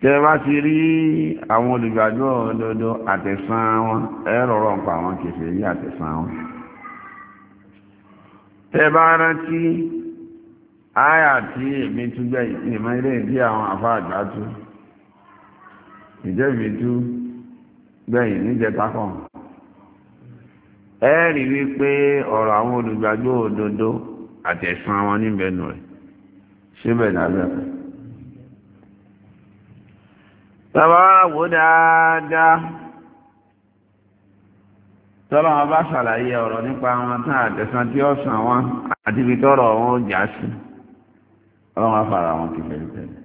tẹ bá ti rí àwọn olùgbàjọ òdodo àtẹ̀sán wọn ẹ rọrọ nǹkan àwọn kẹfẹ́ yí àtẹ̀sán wọn tẹ bá rántí àyà tí èmi tún gbẹ ìmọ̀ ilé ìdí àwọn àfa àgbà tú ìjẹ́bi tú gbẹ̀yìn níjẹta kan ẹ rí wípé ọ̀rọ̀ àwọn olùgbàjọ òdodo àtẹ̀sán wọn níbẹ̀ nù rẹ̀ síbẹ̀ nàbẹ̀ kan tàbá wò dáadáa tọ́lọ́ wọn bá ṣàlàyé ọ̀rọ̀ nípa wọn tán àtẹ̀sán tí ó sàn wọn àti ibi tọ́rọ̀ wọn ó já sí ọlọ́run afárá wọn kèfèrí tẹ̀lé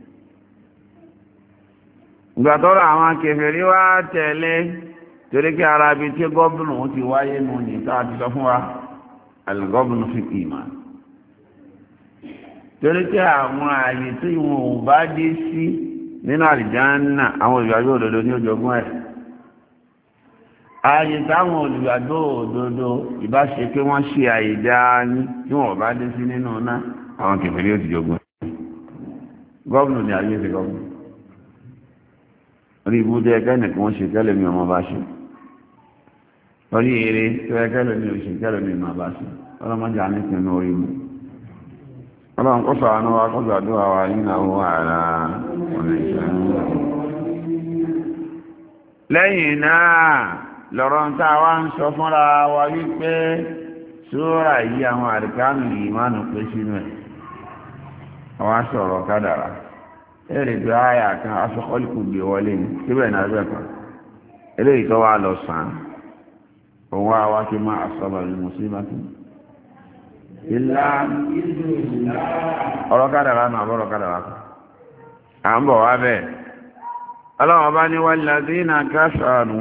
ìgbà tọ́rọ̀ àwọn kèfèrí wá tẹ̀lé torí kí ara ibi tí gọ́ọ̀bùnù ti wáyé nù ní tá a ti sọ fún wa àlùgọ́ọ̀bùnù fi ìmọ̀ torí kí àwọn àyè tí wọn ò bá dé sí nínú àlìjánnà àwọn olùgbàgbọ́ òdodo ní ojogún ẹ̀ ààyè táwọn olùgbàgbọ́ òdodo ìbá ṣe pé wọ́n ṣe àìdá yín tí wọ́n bá dé sí nínú náà àwọn kèfèrí ó ti jogún ẹ̀ gọ́ọ̀nù ni àyè ti gọ́ọ̀nù orí ibùdó ẹgbẹ́ nìkan wọ́n ṣe tẹ́lẹ̀ mi ọmọ bá ṣe orí eré tó ẹgbẹ́ lómi òṣèkẹ́lẹ̀ mi ọmọ bá ṣe ọlọ́mọdé àníkùn ní orí mi ọlọ́run kó sàánú wa kó sàdúrà wa nínú àwọn ààrà ọ̀nà ìṣẹ́yìn lẹ́yìn náà lọ́rọ̀ ń tá a wá ń sọ fúnra wa wípé sóòrà yìí àwọn àríkánù yìí máa nù pé sínú ẹ̀ àwọn aṣọ̀rọ̀ kádàrà ẹ̀rẹ̀ pé àyà kan aṣọ́kọ́lùkù gbé wọlé ní síbẹ̀ náà bẹ́ẹ̀ kan eléyìí tó wá lọ sàn òun wá wá kí máa sọ̀rọ̀ ìmùsíbà ìlà ọ̀rọ̀ kádàrá náà bọ́rọ̀ kádàrá kù à ń bọ̀ wá bẹ́ẹ̀ ọlọ́run ọba ní wá lásì náà káṣàánù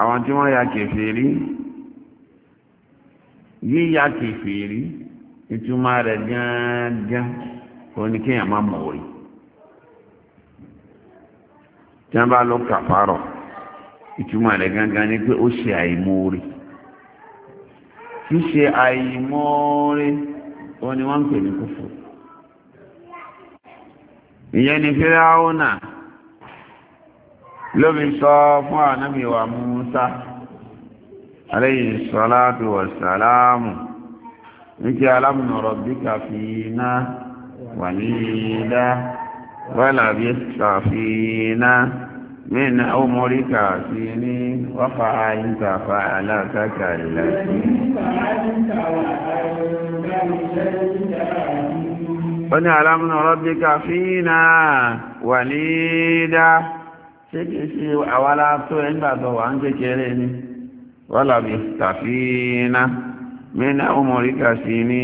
àwọn tí wọ́n ya kèfèrí yíya kèfèrí ìtumọ̀ rẹ̀ gángan òní kéèyàn má mọ̀ orí tí wọ́n bá lọ kàfárọ̀ ìtumọ̀ rẹ̀ gángan ni pé ó ṣe àìmọ̀ orí ṣíṣe àìmọ́ọ́rẹ́ wọn ni wọ́n ń pè ní kúfù ìyẹn ni fíráúnà ló fi sọ fún ànábì wa Mùsá alayhi salatu wa salamu níkẹ́ alámùnọ̀rọ̀ bí kàfí iná wà ní ilá wà lábí من عمرك سنين وفعلت فعلتك التي wọ́n ni alámúnà rọ́bíkà fíìnà wà ní dá ṣe kìí ṣe àwárá tó ẹgbàtọ̀ wà ń kékeré ní wọ́n làbí tàfíìnà mẹ́nà ọmọ ríkà sí ní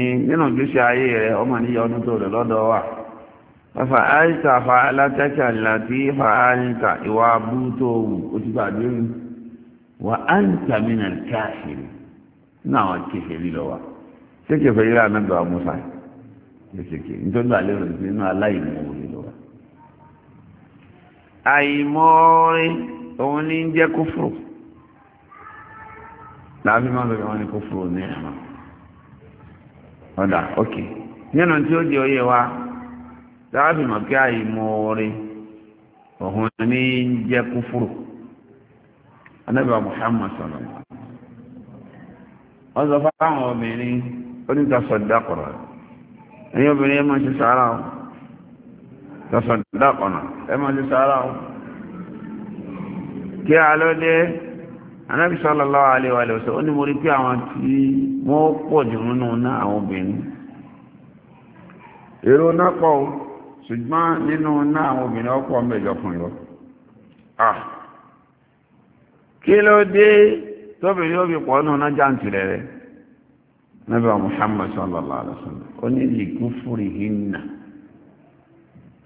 fàáìtà fàálátàkà láti fàáìtà ìwà bútóòwù ó ti gbàgbé mi wà á ń tàmínà káàkiri náà kẹfẹ́rí lọ́wọ́ ṣé kẹfẹ́rí rà náà gbà musa kẹsẹ̀kẹ́ nítorí àlẹ́ rẹ̀ nínú aláìmọ̀ọ́rẹ́ lọ́wọ́ àìmọ̀ọ́rẹ́ òun ní jẹ́ kófòrò láàbí máa bẹ̀rẹ̀ wọn ní kófòrò ní ẹ̀ma ọ̀dà ok nínú tí ó di oyè wa dábì mọ̀ kí àìmọ̀ ọ̀rẹ́ ọ̀hún ní jẹ́ kúfúrù anábìá Muhammad sọ̀rọ̀ wọ́n sọ fáwọn obìnrin oníkàsọ̀dákọ̀rọ̀ ẹ̀yin obìnrin ẹ máa ṣe sàárà o kàsọ̀dákọ̀rọ̀ ẹ máa ṣe sàárà o kí a ló dé anábì sallallahu alaihi wa sallam ó ní mo rí pé àwọn tí wọ́n pọ̀ jù nínú náà àwọn obìnrin èrò náà pọ̀ o. ṣùgbọ́n nínú náà àwọn obìnrin ọ̀pọ̀ mẹ́jọkùnrin lọ kí ló dé tóbìnrin ó fi pọ̀ nù náà jáǹtì rẹ̀ rẹ̀ nàbẹ̀ Muhammad sallallahu alaihi wasallam ó ní likufurihinna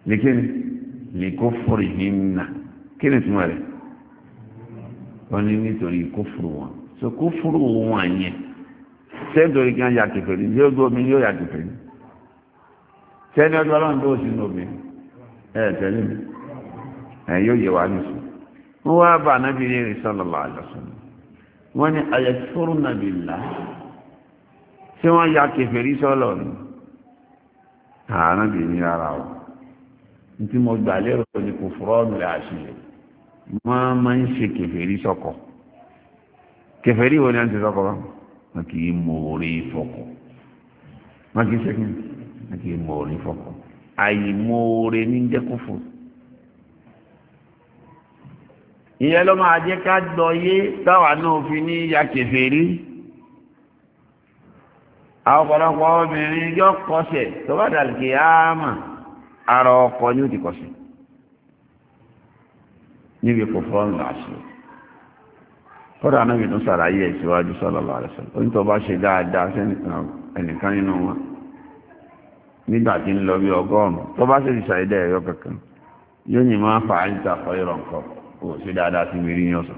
likini hinna kí ni túmọ̀ rẹ̀ ó ní nítorí kófùrù wọn so kófùrù wọn yẹn kí wọ́n yà kẹfẹ́ yóò mi yóò yà kẹfẹ́ tẹ́ni ọjọ́ ọlọ́run tó sínú obìnrin ẹ̀ tẹ́lẹ̀ mi ẹ̀ yóò yẹ wá nísìn wọ́n wá bá anábì rí rí sallallahu alaihi wasallam wọ́n ní ayakfurna billah tí wọ́n ya kèfèrí sọ́lọ̀ ni anábì ní ara ọ̀ tí mo gbà lérò ní kò fúrọ́ mi rà sí i máa máa ń ṣe kèfèrí sọ́kọ̀ kèfèrí wo ni a ti sọ́kọ̀ wọn kì í mọ̀ fọkọ̀ wọn kì í ṣe kí ni àti ìmọ̀ọ́rẹ́ fọkọ àìmọ̀ọ́rẹ́ ní jẹ́kùfù ìyẹn ló máa jẹ́ ká gbọ́yé táwa náà fi ní ya kèfèrí àwọn ọ̀pọ̀lọpọ̀ obìnrin yọ kọsẹ̀ tó bá dàlùkì áàmà ara ọkọ ni ó ti kọsẹ̀ níbi kò fọ́ọ̀nù àṣẹ kódà náà fi tún sàlàyé ẹ̀ síwájú sallallahu alaihi wasallam onítọ̀ ṣe dáadáa sẹ́nìkan nínú wọn nígbà tí ń lọ bí ọgọ́rùn-ún tó bá sì ti ṣàìdá ẹ̀yọ kankan yóò ní máa fà á níta kọ ìrọ̀ nǹkan kò sí dáadáa sí mìírí yàn sọ.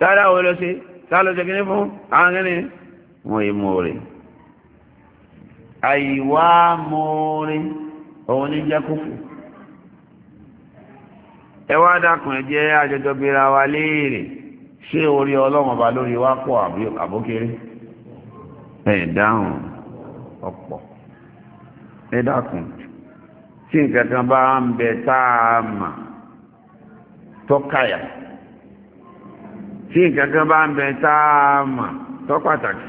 sáárá wo ló ṣe sáá ló ṣe kíní fún àwọn kíní wọn yìí mú rè àìwá mú rè òun ní jẹ́ kófù. ẹ wá dákun ẹ jẹ́ àjọjọ bíra wa léèrè ṣé orí ọlọ́run lórí wa pọ̀ àbókéré ẹ̀ dáhùn. ọ̀pọ̀ ẹ dákun tí nǹkan kan bá ń bẹ tá a mà tọ́kàyà tí nǹkan kan bá ń bẹ tá a mà tọ́pàtàkì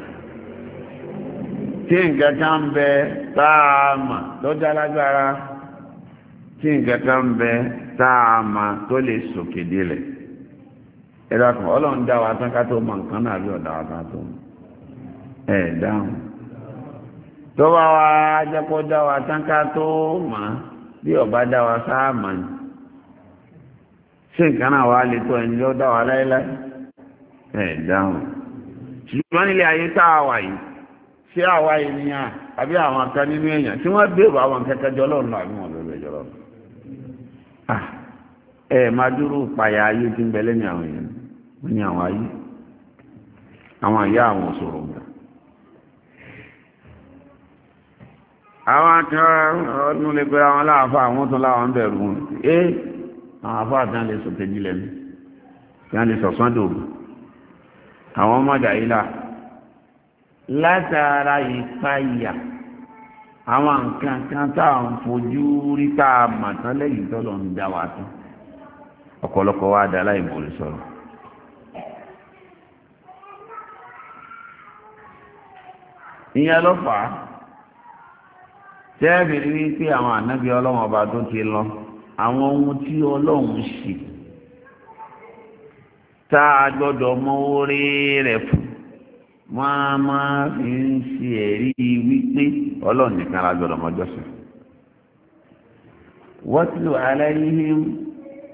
tí nǹkan kan ń bẹ tá a mà tí nǹkan kan ń bẹ tá a mà tó lè sòkè délẹ̀ ẹ dákun ọlọ́run dá wa tán ká tó mọ tó bá wa jẹ́kọ́ dá wa tánká ọba dá wa sáàmà ní ṣe nǹkan náà wà lè tó ẹni lọ dá wa ẹ̀ dáhùn ṣùgbọ́n nílé ayé tá a wà yìí ṣé àwa ènìyàn àbí àwọn kan nínú èèyàn tí wọ́n àwọn jọ lọ́nà àbí wọn lọ́nà ìjọ lọ́nà ẹ máa dúró ayé tí ń bẹ àwọn èèyàn wọ́n ní àwọn ayé àwọn àwọn àwọn akẹ́rọ̀ọ́nù lè pẹ́ra wọn láàfà àwọn tó láwọn ń bẹ̀rù wọn ẹ́ àwọn afọ́ àtàn lè sọ kejì lẹ́nu kí wọ́n lè sọ̀sán dòrò àwọn ọmọdé àyílà látara ìpayà àwọn nǹkan kan táwọn fojú rí tá a mà tán lẹ́yìn tọ́lọ̀ ń dá wa tán ọ̀pọ̀lọpọ̀ wa dá láì sọ̀rọ̀ ìyẹn ló fà á. tẹ́ẹ̀bìrì wípé àwọn ànábì ọlọ́run ọba tó ti lọ àwọn ohun tí ọlọ́run ṣe tá a gbọ́dọ̀ mọ orí rẹ̀ fún wọ́n á máa fi ń ṣe ẹ̀rí wípé ọlọ́run nìkan la gbọ́dọ̀ mọ́jọ́ sí. watlu alayhim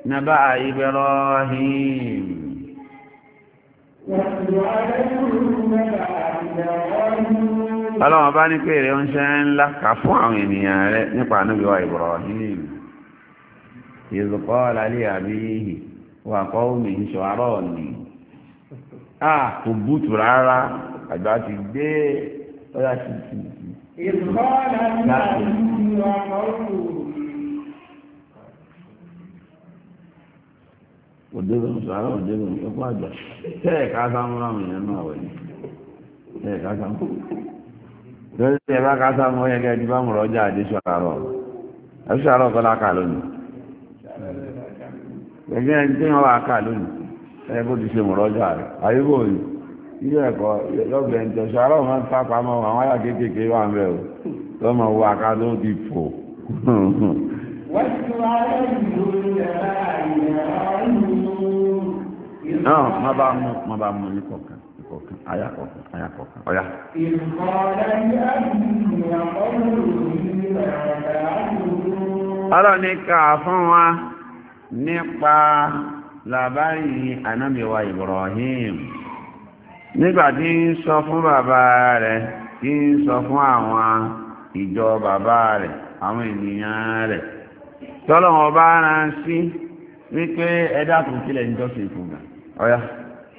naba'a Ibrahim. watlu alayhim ọlọ́wọ́n bá ní pé rẹ̀ ń ṣe ńlá kà fún àwọn ènìyàn rẹ̀ nípa ànúbí wa Ibrahim ìzùkọ́ lálẹ́ àbíyí wà kọ́ omi ìṣòwárọ̀ ni a kò bútù rárá àgbà ti gbé ọjà ti ti ti. ìzùkọ́ lálẹ́ àbíyí wà kọ́ omi. òdébò ìṣòwárọ̀ òdébò ìṣòwárọ̀ àgbà tẹ́ẹ̀ká sáwọn ọmọ ènìyàn náà wẹ̀ tẹ́ẹ̀ká sáwọn lórí ẹ bá ká sáà mọ́ yẹ́gẹ́ ẹni bá mú rọ́jà àdéṣù àárọ̀ àdéṣù àárọ̀ kọ́ láka lónìí gẹ́gẹ́ ẹni tí wọ́n wá ká lónìí ẹ bó ti ṣe mú rọ́jà rẹ̀ àyíkò yìí ilé ẹ̀kọ́ lọ́gbẹ̀ẹ́ ní tẹ̀sù àárọ̀ máa ń sápa mọ́ àwọn àyà kéékèèké wà ń bẹ̀ o lọ́mọ wo àká ló ti fò. wọ́n ti wá lẹ́yìn lórí àyà kọ̀ọ̀kan àyà kọ̀ọ̀kan ọlọ́run ní ká fún wa nípa làbáyé anábìwa Ibrahim nígbà tí ń sọ fún bàbá rẹ̀ tí ń sọ fún àwọn ìjọ bàbá rẹ̀ àwọn ènìyàn rẹ̀ bá rán sí wípé ń ọya?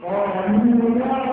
ọ̀rọ̀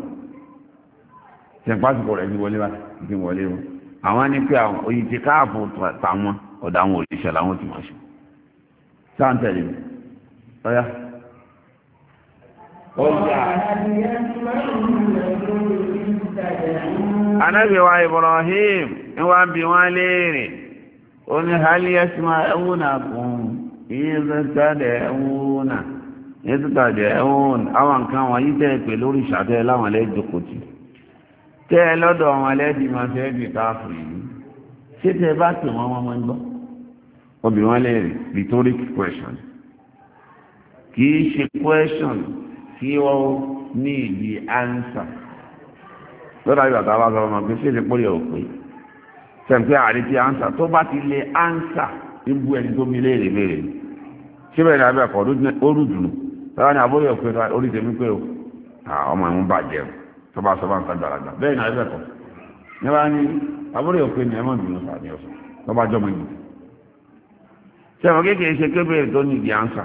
tẹ̀pásìkò rẹ̀ ti wọlé wa ti wọlé wọn àwọn ní pé àwọn oyin ti káàfù àwọn òṣìṣẹ́ làwọn ti máa ṣe ọ̀yá. anábì wa Ibrahim ń wá bí wọ́n léèrè ó ní haliya sima ẹ̀wọ̀n àkùn ìyẹn tó tẹ̀lé ẹ̀wọ̀n ìyẹn tó tẹ̀lé ẹ̀wọ̀n àwọn nǹkan tẹ̀ láwọn kò tì í. tẹ́ ẹ lọ́dọ̀ wọn lẹ́dí máa fẹ́ bí káàfù yìí ṣé tẹ́ ẹ bá pè wọ́n wọ́n máa ń wọn lè rí rhetoric question kì í ṣe question tí wọ́n ní ìdí answer lọ́dọ̀ àyè bàtà bá sọ wọn pé ṣé èdè pọ́lì òpè sẹ́ǹpẹ́ àrí ti answer tó bá ti lè answer níbu ẹni tó mi léèrè léèrè síbẹ̀ ní abẹ́ẹ̀kọ́ ó rùdùnú lọ́dọ̀ ní abóyọ̀ pé orí tèmi pé ọmọ ẹ̀ ń bàjẹ́ o tọba sọba nǹkan gbàlagbà bẹ́ẹ̀ náà ẹgbẹ́ kan ní wá ní abúlé òpin ní ẹmọ ìbínú sàní ọ̀sán tọba jọmọ ìlú ṣe àwọn kékeré ṣe kébèrè tó ní ìdí àǹsà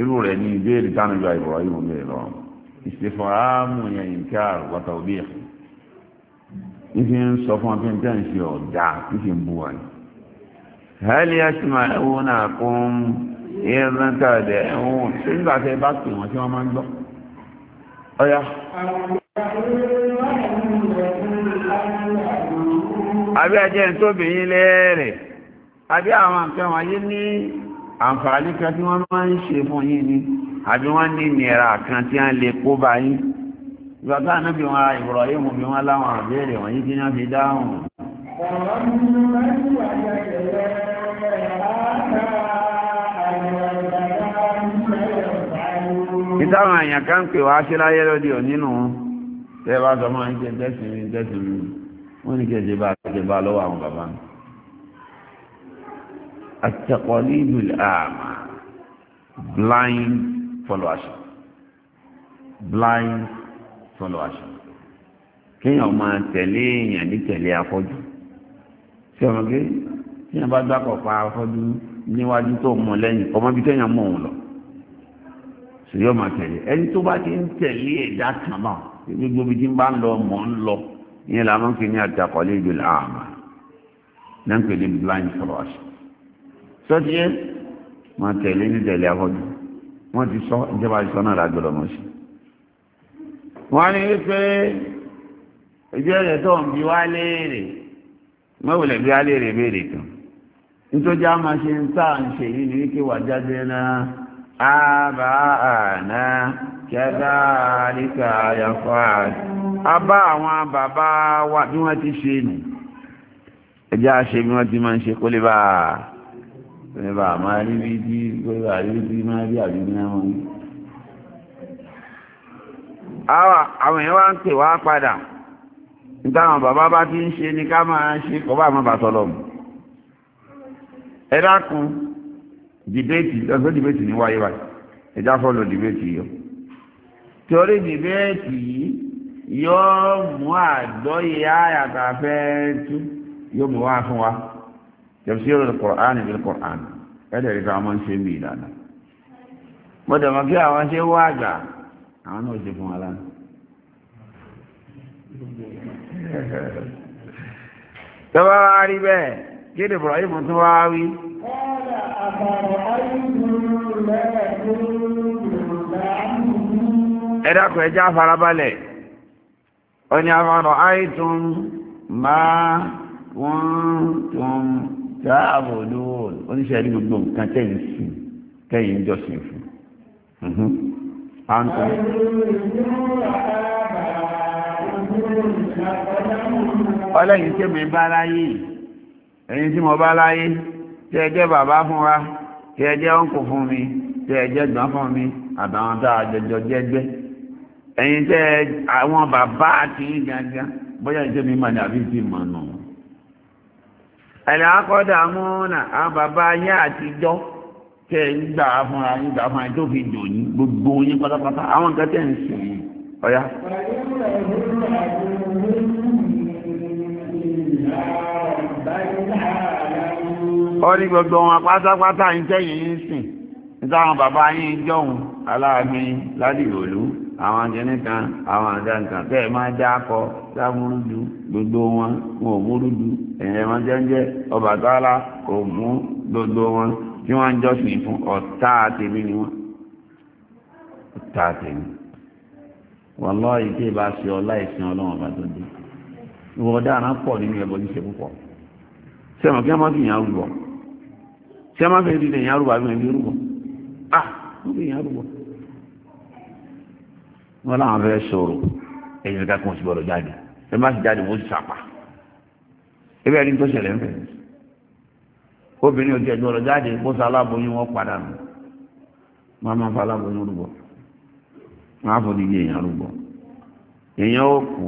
irú rẹ̀ ní ìbéèrè tánujú àìbọ̀wá yìí mọ̀ bẹ́ẹ̀ lọ ìṣèfọ̀ ààmù yẹn nǹkan àrùbọ̀tà òbí ẹ̀ ìfi ń sọ fún bá pè wọ́n tí wọ́n máa ń gbọ́. ọ̀yà. àbí ẹjẹ́ tó bìyìn lẹ́ẹ̀rẹ̀ àbí àwọn nǹkan wáyé ní àǹfààní kan tí wọ́n máa ń ṣe fún yín ni àbí wọ́n ní nìra kan tí wọ́n lè kó bá yín ìgbàtà níbi wọn ìwọ̀rọ̀ yìí mú bí wọ́n láwọn àbẹ́rẹ̀ wọ̀nyí kí wọ́n fi dáhùn ìtàwọn kan pè wá sí láyé tẹ́ bá sọ máa ń jẹ tẹ́sìn mi tẹ́sìn mi wọ́n ní kẹ́sì bá kẹ́sì bá lọ́wọ́ àwọn bàbá mi. at-taqalidu al-a'ma blind followership blind followership kéèyàn máa tẹ̀lé èèyàn ní tẹ̀lé afọ́jú ṣé ọmọ gé kéèyàn bá gbàkọ̀ pa afọ́jú níwájú tó mọ lẹ́yìn ọmọ bíi téèyàn mọ̀ òun lọ ṣèyí ọmọ tẹ̀lé ẹni tó bá ti ń tẹ̀lé ẹ̀dá kan báwọn gbogbo bí tí ń bá ń lọ mọ̀ ń lọ ìyẹn la máa ń pè ní àtàkọ́lé ìdòlè àmà náà ń pè ní blind cross sọ́tí yẹn máa tẹ̀lé ní tẹ̀lé afọ́jú wọ́n ti sọ ìjọba ti sọ náà lágbọ́dọ̀ mọ̀ sí. wọ́n á ní pé ìjọ rẹ̀ tó ń bi wá léèrè mọ́wùlẹ̀ bí wá léèrè béèrè kan nítorí a máa ṣe ń tà ń ṣe yìí ní wíkẹ́ wà jáde náà á náà kẹ́dáàríkà àyàfáàrí a bá àwọn bàbá wa bí wọ́n ti ṣe nì ẹjá ṣe bí wọ́n ti máa ń ṣe kó lè bá kó lè bá máa rí bí tí kó lè bá rí bí tí máa rí àbí ní àwọn yìí. àwọn èèyàn wá ń pè wá padà níta àwọn bàbá bá ti ń ṣe ni ká máa ṣe kó bá àwọn bàtọ́ lọ. ẹ dákun dìbẹ́tì lọ́sọ̀ dìbẹ́tì ní wáyé báyìí ẹjá fọ́ dìbẹ́tì yìí torí dìbẹ́ẹ̀tì yìí yóò mú àgbọ́yé àyàtà fẹ́ tú yóò mú wá fún wa tafsir al-Qur'an bil-Qur'an ẹ̀dẹ̀ rí fáwọn ṣe ń bí ìlànà gbọ́dọ̀ mọ̀ kí àwọn ṣe wá àgbà àwọn náà ṣe fún wa lánàá tọ́wọ́ wá rí bẹ́ẹ̀ kí ni Ibrahim tún wá wí. قال أفرأيتم ما كنتم تعملون ẹ̀dàkùn ẹjá farabalẹ̀ ọni àmàrọ̀ àìtún máa wọ́n tún táàbò lóòrùn oníṣẹ́ rí gbogbo nǹkan tẹ́yìn sí tẹ́yìn jọ́sìn fún mhm. Antum. Ọlẹ́yìn tí mi bá láyé, ẹ̀yin tí mo bá láyé, tí ẹ jẹ́ bàbá fún wa, tí ẹ jẹ́ ọ̀nkù fún mi, tí ẹ gbọ́n fún mi, àtàwọn tá a jẹjọ jẹ́gbẹ́ ẹ̀yin tẹ́ àwọn bàbá àti gángan bóyá ìjẹ́ mi mà dàbí ti mọ̀ nù. ẹ̀lẹ́ akọ́dà mọ́nà àwọn bàbá ayé àtijọ́ tẹ́ ń gbà fúnra yín gbà fúnra yín tó fi dò yín gbogbo yín pátápátá àwọn nǹkan tẹ́ ń sìn yín ọ̀yá. ó ní gbogbo wọn pátápátá yín tẹ́yìn yín sìn nítawọn bàbá yín jọ̀hún aláàfin ládìròlú. àwọn akẹ́ni kan àwọn àga nǹkan tẹ́ máa já akọ sámúrúdú gbogbo wọn wọn ò múrúdú ẹ̀yẹ wọn jẹ́ńjẹ́ Ọbàtálá gbogbo wọn tí wọ́n ń fún ọ̀tá àtẹ̀mí ni wọ́n ọ̀tá àtẹ̀mí ìké bá ṣe ọlọ́run ọba tó dé ìwọ ọ̀daràn pọ̀ nínú púpọ̀ sẹ́wọ̀n kí wọ́n fi yàn fi yàn wọn làwọn fẹ́ sọ̀rọ̀ ẹ̀yìn ká kún sí jáde ẹ má sì jáde wọ́n sì sàpà ebe bẹ́ẹ̀ tó ṣẹlẹ̀ ńfẹ̀ obìnrin ò tiẹ̀ jáde bó sọ wọn padà nù wọn máa fa aláboyún rúbọ wọn á fọdí èèyàn rúbọ èèyàn ó kú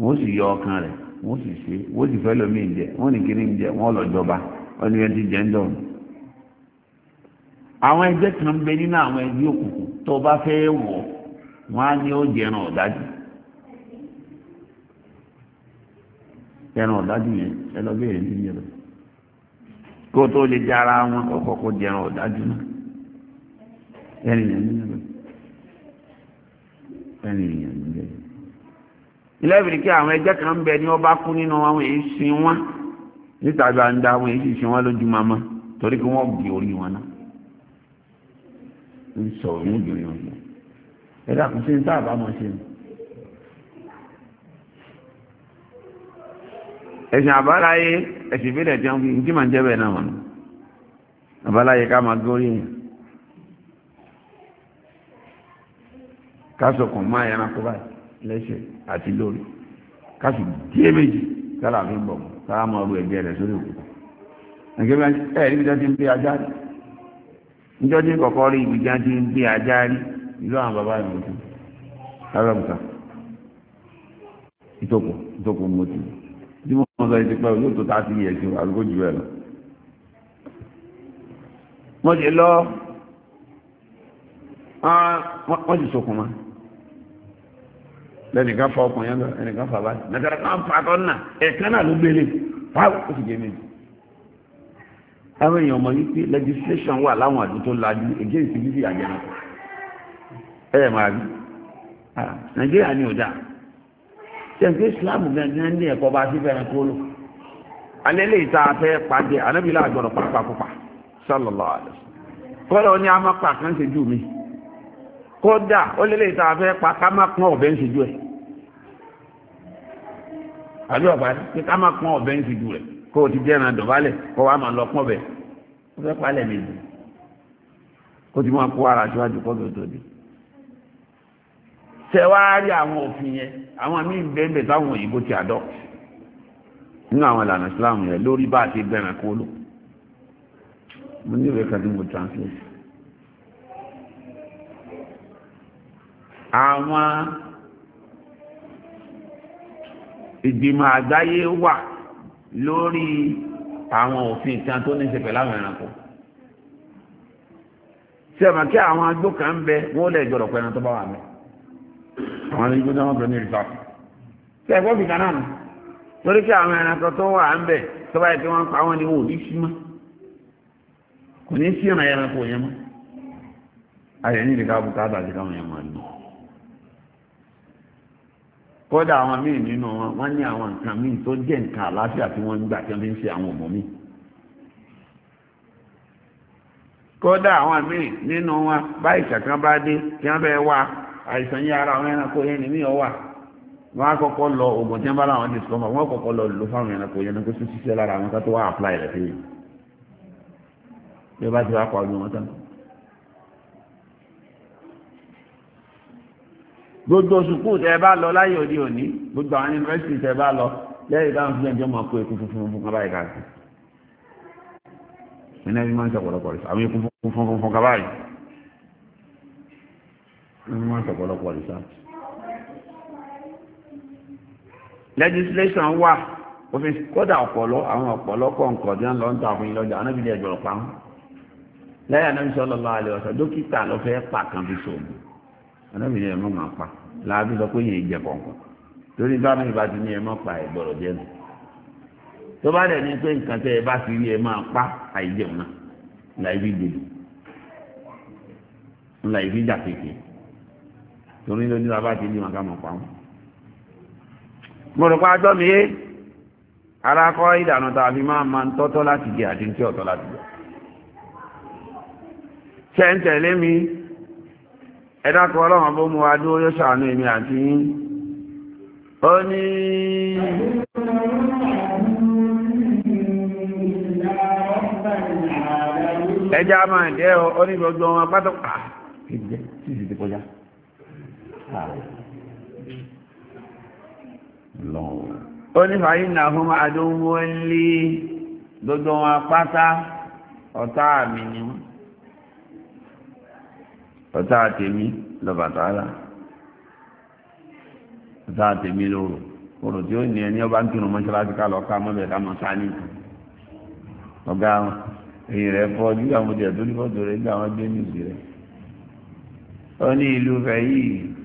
wọn ó sì yọ ọkàn wọn ó sì ṣe wọn ó sì lómi ìjẹ wọn ní kiri ìjẹ wọn wọn kan bẹ nínú wọ́n á ní oúnjẹ ẹran ọ̀dájú ẹran ọ̀dájú yẹn ẹ lọ bẹ́ẹ̀ ní ìyẹn lọ kó tó lè jẹ ara wọn ọkọ̀ kó jẹ ẹran ọ̀dájú náà ẹni yẹn ní ìyẹn lọ ẹni yẹn ní lọ. ilé ọba kú nínú àwọn èyí sin wọn níta gbangba àwọn torí kí orí wọn náà ẹ̀dá kò sí ní tá àbámọ̀ ṣe ni. ẹ̀sìn àbáláyé ẹ̀sìn ìbílẹ̀ jẹun kí ní màá jẹ́ bẹ́ẹ̀ náà wọn àbáláyé ká máa górí yẹn kásọkùn máa yẹn kó báyìí lẹ́sẹ̀ àti lórí kásù díẹ̀ méjì kára fi bọ̀ kára máa ru ẹ̀jẹ̀ rẹ̀ sórí òkúta ẹ̀ẹ́dẹ́gbẹ́ ẹ̀ẹ́dẹ́gbẹ́ ti ń gbé ajá rí níjọ́ kọ̀kọ́ rí ibi ti ń gbé ajá rí ìlú àwọn bàbá yìí mọ̀tì rárá mùtà ìtòkò ìtòkò mọ̀tì tí mo sọ ètò pẹ̀lú yóò tó tààtì yẹ kí àlùkò jù ẹ̀ lọ. wọ́n ti lọ wọ́n ti sokùn ma lẹ́nìkan fa ọkùnrin yẹn lọ ẹnìkan fa báyìí nàtàrà kan fa àtọ́ nà ẹ̀ka náà ló gbélé fáwọn ó sì jẹ́ méjì àwọn èèyàn mọ̀ wípé legislation wà láwọn àdúgbò tó lajú against bíbí àjẹmọ́ ẹ̀ máa rí nàìjíríà ni ò dáa tẹ̀sí islam gangan ní ẹ̀kọ́ bá ti fẹ́ràn kó lò alẹ́ lè ta fẹ́ pàdé anábìlá àgbọ̀rọ̀ pàápàá sallallahu alaihi wasallam kọ́lọ̀ ní a máa pa kan ṣe jù mí kódà ó lè lè ta fẹ́ pa ká má pọ́n ọ̀bẹ ń ṣe jù ẹ̀ àbí ọ̀bá ní ká má pọ́n ọ̀bẹ ń ṣe jù rẹ̀ kó o ti jẹ́ ẹran dọ̀bálẹ̀ kó wa máa lọ pọ́n ọ̀bẹ ó fẹ́ palẹ̀ méjì kó ti máa kó ara síwájú kó tó tó dé tẹwàárí àwọn òfin yẹn àwọn míì bẹ́ẹ̀ táwọn òyìnbó ti àdọ́ nínú ti bẹ̀rẹ̀ kó lò mo ní ìwé kan mo translate àwọn ìgbìmọ̀ àgbáyé wà lórí àwọn òfin kan tó ní í ṣe pẹ̀lú àwọn ẹranko ṣé ẹ kí àwọn agbó kan ń bẹ wọ́n lè gbọ́dọ̀ pẹ̀lú tó àwọn igbó tó wọ́n pè ní resort ṣe ẹ̀gbọ́n bìkan náà nù torí pé àwọn ẹranko tó wà ń bẹ̀ tó báyìí tí wọ́n pa wọ́n ni wọ́n ní sí mọ́ kò ní sí ọ̀nà ẹranko yẹn mọ́ ní ìdíkà káwọn yẹn máa lò kódà àwọn míì nínú wọn ní àwọn nǹkan míì tó jẹ́ nǹkan àlàáfíà tí wọ́n gbà tí wọ́n fi ń ṣe àìsàn yìí ara àwọn ẹranko yẹn ni mí ọ wà wọ́n á kọ́kọ́ lọ oògùn tí wọ́n bá láwọn discover wọ́n kọ́kọ́ lọ lò fáwọn ẹranko yẹn kó sì ṣiṣẹ́ lára àwọn tó wà apply rẹ̀ sí i bí ó bá ti wá pàdé wọn tán. gbogbo sukuu tẹ bá lọ láyé òde òní gbogbo àwọn yunifásitì tẹ bá lọ lẹ́yìn táwọn fúlẹ̀ jọ máa kó eku funfun fún kaba yìí káàkiri. ẹnẹ́bí máa ń sọ̀rọ̀ pọ̀lọ́pọ̀lọ́ àwọn eku funfun fún kaba wọ́n máa sọ̀pọ̀lọpọ̀ research legislation wà òfin kódà ọ̀pọ̀lọ́ àwọn ọ̀pọ̀lọpọ̀ nǹkan tí wọ́n lọ ń ta fún ilọ́jà anábìlẹ̀ ẹ̀jọ̀ pa wọn lẹ́yìn anábìlẹ̀ sallallahu alaihi wasallam dókítà ló fẹ́ pa kan fi sòmù anábìlẹ̀ ẹ̀mọ́ máa pa láàbí sọ pé yẹn ìjẹ kọ̀ọ̀kan torí bá mi bá ti ní ẹ̀mọ́ pa ẹ̀gbọ́rọ̀ jẹ́ nù tó bá dẹ̀ ní pé nǹkan tẹ́ ẹ bá fi rí ẹ máa pa àìjẹun náà láì fi dèlù láì fi jà kékeré torí lójú wa bá ti ní wọn ká mọ̀ pa wọn. mo rò pé ajọ́ mi yé ara kọ́ ìdànà tá a fi máa ma ń tọ́tọ́ láti jẹ àti ní tí ọ̀tọ́ láti jẹ. ṣẹ́ńtẹ̀lé mi ẹ̀dá kan ọlọ́run bó mu wa dúró yóò ṣàánú èmi àti yín. ó ní. ẹja máa jẹ́ ọ ní gbogbo wọn pátó. ẹ̀jẹ̀ ah, tí ìsìn ti kọjá. Ah. ó ní fàyí nà fún àdúgbò lé gbogbo wọn pátá ọ̀tá mi ni wọ́n ọ̀tá tèmi lọ́bàtálá ọ̀tá tèmi lóru orò tí ó ní ẹni ọba ń kírun mọ́ṣáláṣí ká lọ ká mọ́bẹ̀ ká mọ́ sáà nìkan ọ̀gá wọn èyí rẹ̀ fọ́ ojú àwọn ọdẹ tó ní fọ́tò rẹ̀ gbà wọ́n gbé nìyí rẹ̀ ó ní ìlú fẹ̀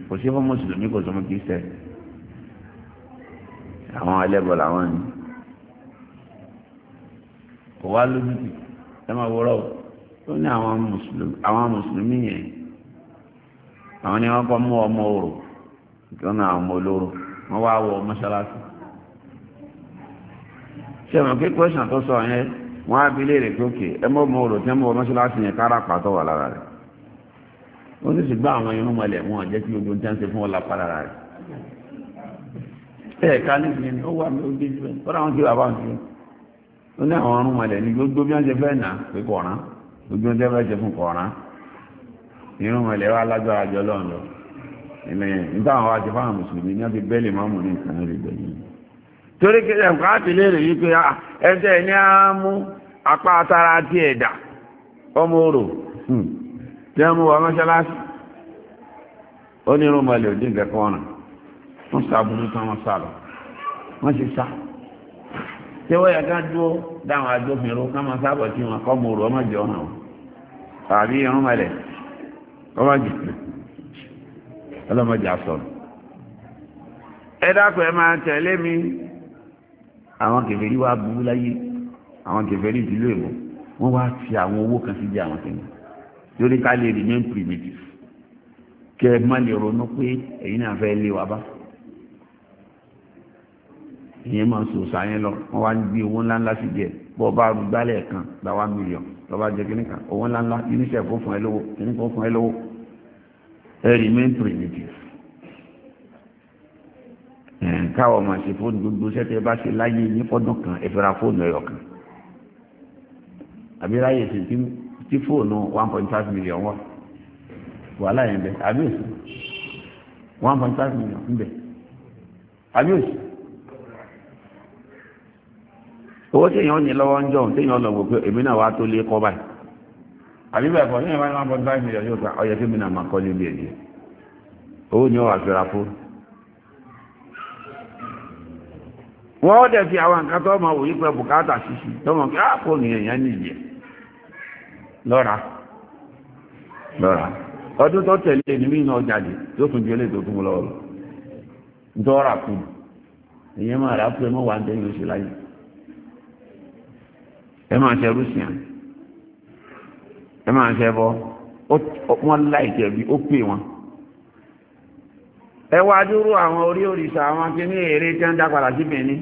kò sí fún mùsùlùmí kò sọmọ kìí sẹ àwọn ẹlẹ́bọ làwọn ni kò wá lójútì ẹ máa wúrọ̀ ó ní àwọn mùsùlùmí yẹn àwọn ni wọ́n kọ́ mú ọmọ òrò kí wọ́n náà ọmọ olóró wọ́n wá wọ mọ́ṣáláṣí ṣe mọ̀ pé kwẹ́sàn tó sọ yẹn wọ́n á bi léèrè pé òkè ẹ mọ́ ọmọ òrò tí wọ́n mú ọmọ mọ́ṣáláṣí yẹn kára pàtó wà lára rẹ̀. ó si ṣùgbọ́n àwọn irun mọ̀lẹ̀ wọn jẹ́ kí odò jẹ́ ń ṣe fún ọlá padà rẹ̀ ẹ̀ ká ní ìgbìyànjú ó wà ní ojú ìgbẹ́ tọ́lá wà bá ó ní àwọn gbogbo bí wọ́n ṣe fẹ́ nà pé ojú ṣe fún irun mọ̀lẹ̀ wa lágbára jọ lọ́n nígbà wọn wá ti fáwọn mùsùlùmí ní ti tí a mú wa mọ́ṣáláṣí ó balẹ̀ òdì ìgbẹ́kọ̀ ọ̀nà wọ́n sàbùnú tán wọ́n sà lọ wọ́n sì sá tí wọ́n yẹ ká dúró dáhùn ká máa sábọ̀ wọn kọ́ mọ̀ rọ́ mọ̀jọ hàn wọ́n tàbí irun balẹ̀ ọlọ́mọdé àsọ̀rọ̀ ẹ ẹ máa tẹ̀lé mi àwọn wa bú láyé àwọn ìdílé wá fi àwọn owó kan sí àwọn lórí ká lè remain primitif. kẹ ẹ má lè ronú pé ẹ̀yin náà fẹ́ lé wa bá ìyẹn máa sọ sáyẹn lọ wọn wá gbé owó ńlá ńlá sí díẹ̀ bọ ọba arúgbálẹ kan gba one million lọba jẹ kíní kan owó ńlá ńlá unicef ó fún ẹ lówó kíní kan ó fún ẹ lówó ẹ remain primitive káwọn máa ṣe fóònù gbogbo sẹ́tẹ̀ bá ṣe láyé ní fọ́dún kan ẹ̀fẹ́ra fóònù ẹ̀yọ̀ kan àbí láyé ṣètìmù. tí fóònù 1.5 million wà wàhálà yẹn 1.5 million ń bẹ abíòsì owó téèyàn ní lọ́wọ́ ń jọ̀hún téèyàn lọ wò pé èmi náà wàá tó lé kọ́ báyìí àbí bẹ́ẹ̀ kọ́ téèyàn one point five million yóò gbà ọ yẹ mi náà máa kọ́ níbi èyí owó ni ó wà fẹ́ra fún. wọ́n dẹ̀ fi àwọn nǹkan tó ọmọ òyìnbó bùkátà ṣíṣí tó mọ̀ kí á ah, fóònù yẹn lọ́ra lọ́ra ọdún tó tẹ̀lé ní mí náà jáde yóò tún ju tó tún lọ́wọ́ lọ dọ́ra kù ìyẹn máa rà á pé wà ń tẹ́yìn oṣù láyé ẹ máa ṣe rúṣìàn ẹ máa ṣe bọ́ wọ́n àwọn orí òrìṣà àwọn akíní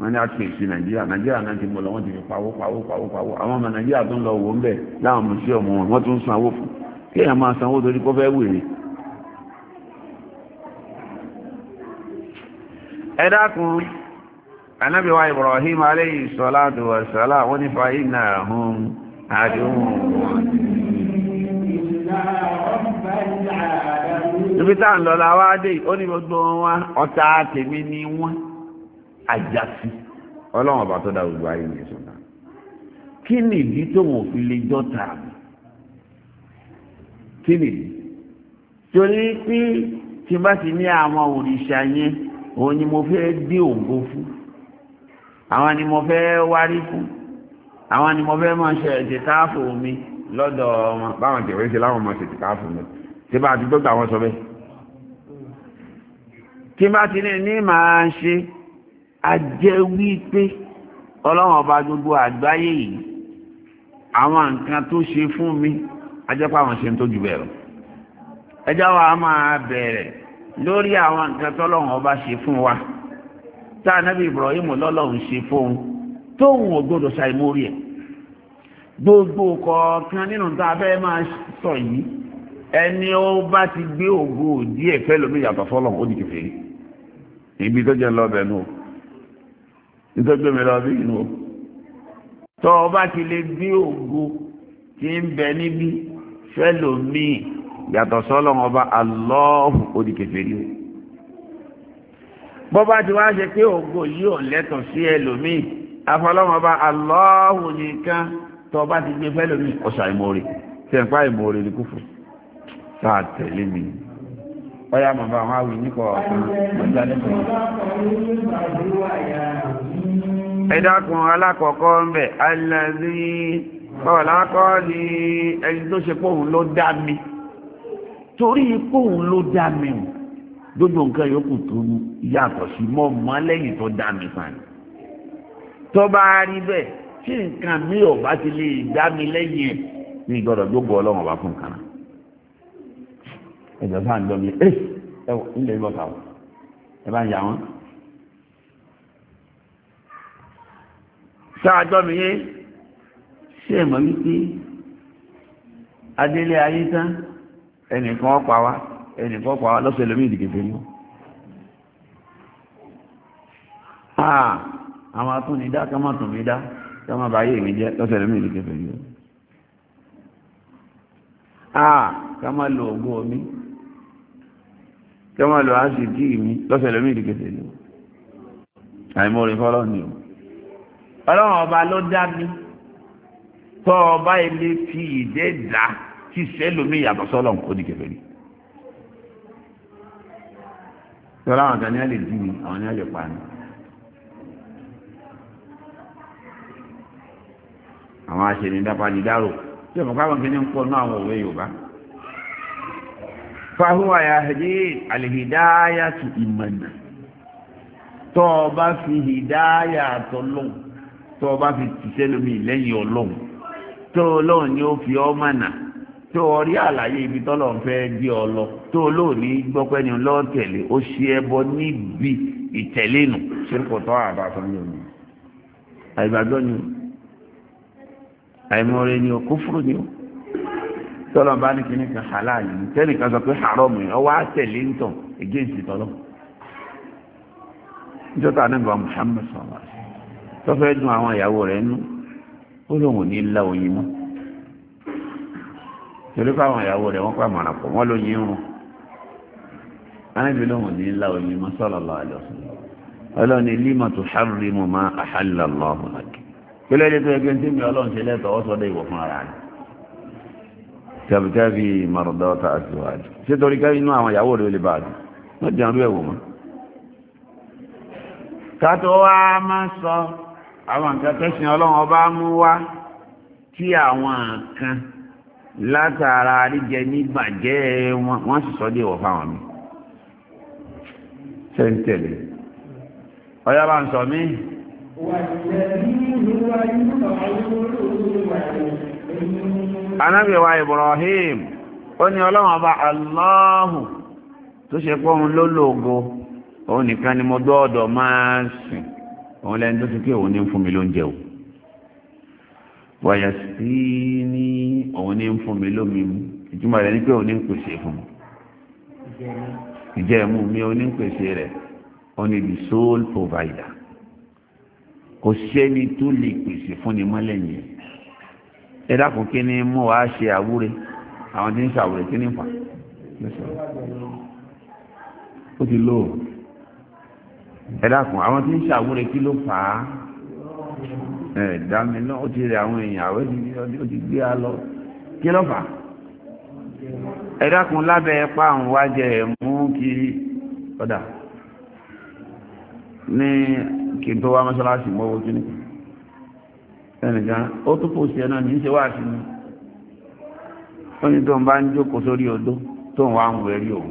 wọ́n ní àkíyèsí nàìjíríà nàìjíríà náà ti mọ̀ lọ wọ́n ti fi pawó pawó pawó pawó àwọn ọmọ nàìjíríà tó ń lọ wò ń bẹ̀ láwọn mùsíọ̀mù wọn wọ́n tún sanwó fún kéèyàn máa sanwó torí kó fẹ́ wèrè. ẹ dákun anábì wa ibrahim aleyhi salatu wa sala wọ́n ní fa iná hun àdéhùn wọn. ibi táà ń wá dé ó ní gbogbo wọn ọ̀tá tèmi ni wọ́n. Ajasi, ọlọ́run ọba tó dá gbogbo ayé yẹn sọ̀tà kí ni ìdí tó wọn fi lè jọ́ta mi kí ni ìdí torí pé tí bá ti ní àwọn òrìṣà yẹn òun ni mo fẹ́ dé òǹgbò fún àwọn ni mo fẹ́ wárí fún àwọn ni mo fẹ́ máa ṣe ẹ̀jẹ̀ káàfù mi lọ́dọ̀ ọmọ báwọn tẹ̀wé ṣe láwọn ọmọ ṣe ti káàfù mi tí bá ti gbọ́gbà wọn sọ bẹ́ẹ̀ tí bá ti ní ní máa ṣe a jẹ́ wípé ọlọ́run ọba gbogbo àgbáyé yìí àwọn nǹkan tó ṣe fún mi a jẹ́ pé àwọn ṣe ń tó jù bẹ́ẹ̀ lọ ẹjọ́ wa máa bẹ̀rẹ̀ lórí àwọn nǹkan tọ́lọ́run ọba ṣe fún wa tá a nábì Ibrahim lọ́lọ́run ṣe fóun tóun ò gbọdọ̀ ṣàìmórí ẹ̀ gbogbo kọ̀ọ̀kan nínú tá a fẹ́ máa sọ yìí ẹni ó bá ti gbé ògo díẹ̀ fẹ́ lómi yàtọ̀ fọ́lọ́run ó di kẹfẹ́ ibi tó jẹ́ lọ́bẹ̀ẹ́ nù nítorí mi lọ bí inú o tọ́ ọ bá ti lè bí ògo tí ń bẹ níbí fẹ́lòmíì yàtọ̀ sọ́lọ́ ọba alọ́ọ̀hù odìkẹfẹ́rí o bọ́bá ti wá ṣe pé ògo yìí ò lẹ́tọ̀ sí ẹlòmíì afọlọ́wọ́n ọba alọ́ọ̀hù nìkan tọ́ ọ bá ti gbé fẹ́lòmíì ọ̀ṣà ìmọ̀ọ́rẹ́ tẹ̀ǹpá ìmọ̀ọ́rẹ́ ni kúfù sáà tẹ̀lé mi ni ọ̀yá màmá àwọn àwìn nípa ọ̀kan ọjà lẹ́kọ̀ọ́. ẹ dákun alákọ̀ọ́kọ́ ń bẹ̀ alẹ́rí ọ̀làkọ́ ni ẹni tó ṣe póhùn ló dá mi torí póhùn ló dá mi o gbogbo nǹkan yòókù tó yàtọ̀ sí mọ́ mọ́ lẹ́yìn tó dá mi fani tó bá rí bẹ́ẹ̀ tí nǹkan mi ò bá ti lè dá mi lẹ́yìn ẹ̀ ní ìgbọ́dọ̀ gbogbo ọlọ́run ọba fún nǹkan ẹ̀jọ̀ sáà ń jọ mi ẹ̀ eh, ẹ̀wọ̀ ilẹ̀ ìbọ̀ta ọ̀ ẹ̀ bá ń yà wọ́n. sáà jọ mi yé ṣé ẹ̀mọ́ wípé adélé ayé tán ẹnìkan ọ̀pá wa ẹnìkan ọ̀pá wa lọ́sẹ̀ lómi ìdìgbèfé mọ́. àwọn atúnidá kí wọ́n tún mi dá kí wọ́n bá yé mi jẹ́ lọ́sẹ̀ lómi ìdìgbèfé mọ́. a kí lo ògùn omi kí wọ́n lọ á sì kí mi lọ́sẹ̀ lómi ìdíkẹsẹ̀ ni àìmọ́ rẹ̀ fọ́lọ́ ni o ọlọ́run ọba ló dá mi tọ́ ọba ilé fi ìdẹ́ dá kí sẹ́lómi yàtọ̀ sọ́lọ̀ kó dìkẹ̀fẹ̀ rí tọ́lá àwọn kan ní a lè dí mi àwọn ní a lè pa ni àwọn aṣèlédàpá ni dárò tí ọmọ káwọn kìíní ń pọ̀ náà àwọn òwe Yorùbá fáhúwà ya hajjé alìhìdáyà tó ìmọ̀nà tó o bá fi hìdáyà tọ́lọ́n tó o bá fi tìṣẹ́ lómi lẹ́yìn ọlọ́n tó ọlọ́n ni ó fi ọmọ nà tó o rí àlàyé ibi tọ́lọ́n fẹ́ gbé ọ lọ ní gbọ́pẹ́ ni ọlọ́n tẹ̀lé ó ṣe ẹbọ níbi ìtẹ̀lé nù ṣírkò tó àbá tó ń yọ ni àìgbàgbọ́ ni o àìmọ̀ọ́rẹ́ ni o kófúrò ni o tọ́lọ̀ bá ní kíní kan halal ní tẹ́nìkan sọ pé haram yìí ọwọ́ àtẹ̀lé ń tàn against tọ́lọ̀ nítorí àdébà Muhammad sọ̀rọ̀ tọ́fẹ́ dùn àwọn ìyàwó rẹ̀ nú ó lóun ò ní la oyin mọ́ torí pé àwọn ìyàwó rẹ̀ wọ́n pa àmàrà pọ̀ wọ́n lóyin rún anábì lóun ò ní la oyin mọ́ sallallahu alaihi wasallam ọlọ́ni lima tó yẹ kí n tí tẹ̀bùtẹ́bì mọ̀rọ̀dọ́ta àtiwájú ṣé torí ká inú àwọn ìyàwó rẹ̀ lè bá dùn wọ́n jẹun rú ẹ̀wò mọ́ kátó wá máa sọ àwọn nǹkan tẹ́sìn ọlọ́run ọba mú wá tí àwọn kan látara àríjẹ nígbàjẹ́ wọ́n sì sọ déwọ̀ fáwọn mi ṣe ń tẹ̀lé ọ̀yá bá ń sọ mí. wàlẹ́ bí wọ́n yóò sọ̀rọ̀ lórí wàlẹ́ anábìwá Ibrahim ó ní ọlọ́wọ̀n ọba Allahu tó ṣe pé òun òun nìkan ni mo gbọ́dọ̀ máa sìn òun lẹ́ni tó ti pé òun ní fún mi o sí ní òun ní fún mi lómi ni pé òun ní ni the sole provider kò sẹ́ni tó lè pèsè fún ẹ dákun kí ni mú wa ṣe àwúre àwọn tí ń ṣàwúre kí ni fà ó ti lò ẹ dákun àwọn tí ń ṣàwúre kí ló fà á ẹ dámi náà ó ti rẹ àwọn èèyàn àwọn èèyàn ó ti gbé a lọ kí ló fà á ẹ dákun lábẹ́ ẹpá àwọn wájẹ mú kiri ọ̀dà ní kí n tó wá mọ́ṣáláṣí mọ́wó kí ni kù ẹnìkan ó tó pò sí ẹ̀nà ní ṣe wà sí ó ní tó ń bá ń jókòó sórí odó tó ń wá ń wẹ̀rí òun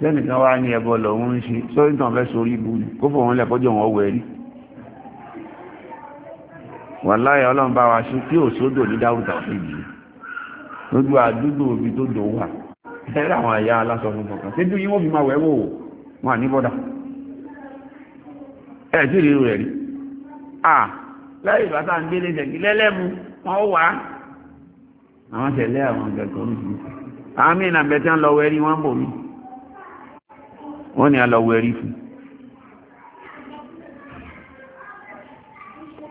lẹ́nìkan wá ní ẹbọ lọ́wọ́ ń ṣe sórí tó fẹ́ sórí ibu ni kó fòun lẹ̀ kọjọ́ wọn wẹ̀rí wà láyé ọlọ́run bá wa ṣe kí òṣòdò ní dáwùtà sí yìí lójú àdúgbò òbí tó dò wà ẹ̀rẹ́ àwọn àyà aláṣọ funfun kan ṣé dúyìn wọ́n fi máa wẹ̀wò wọn à ní bọ́dà ẹ̀ sí ìrírí rẹ̀ rí láyé ìbátá ń gbélé jẹ̀gí lẹ́lẹ́mu wọn ó wà á àwọn tẹ̀lé àwọn akẹ́kọ̀ọ́ mi àwọn míì nà bẹ̀tẹ̀ ń lọ wẹ̀rí wọn bò mí wọ́n ní a lọ wẹ̀rí fún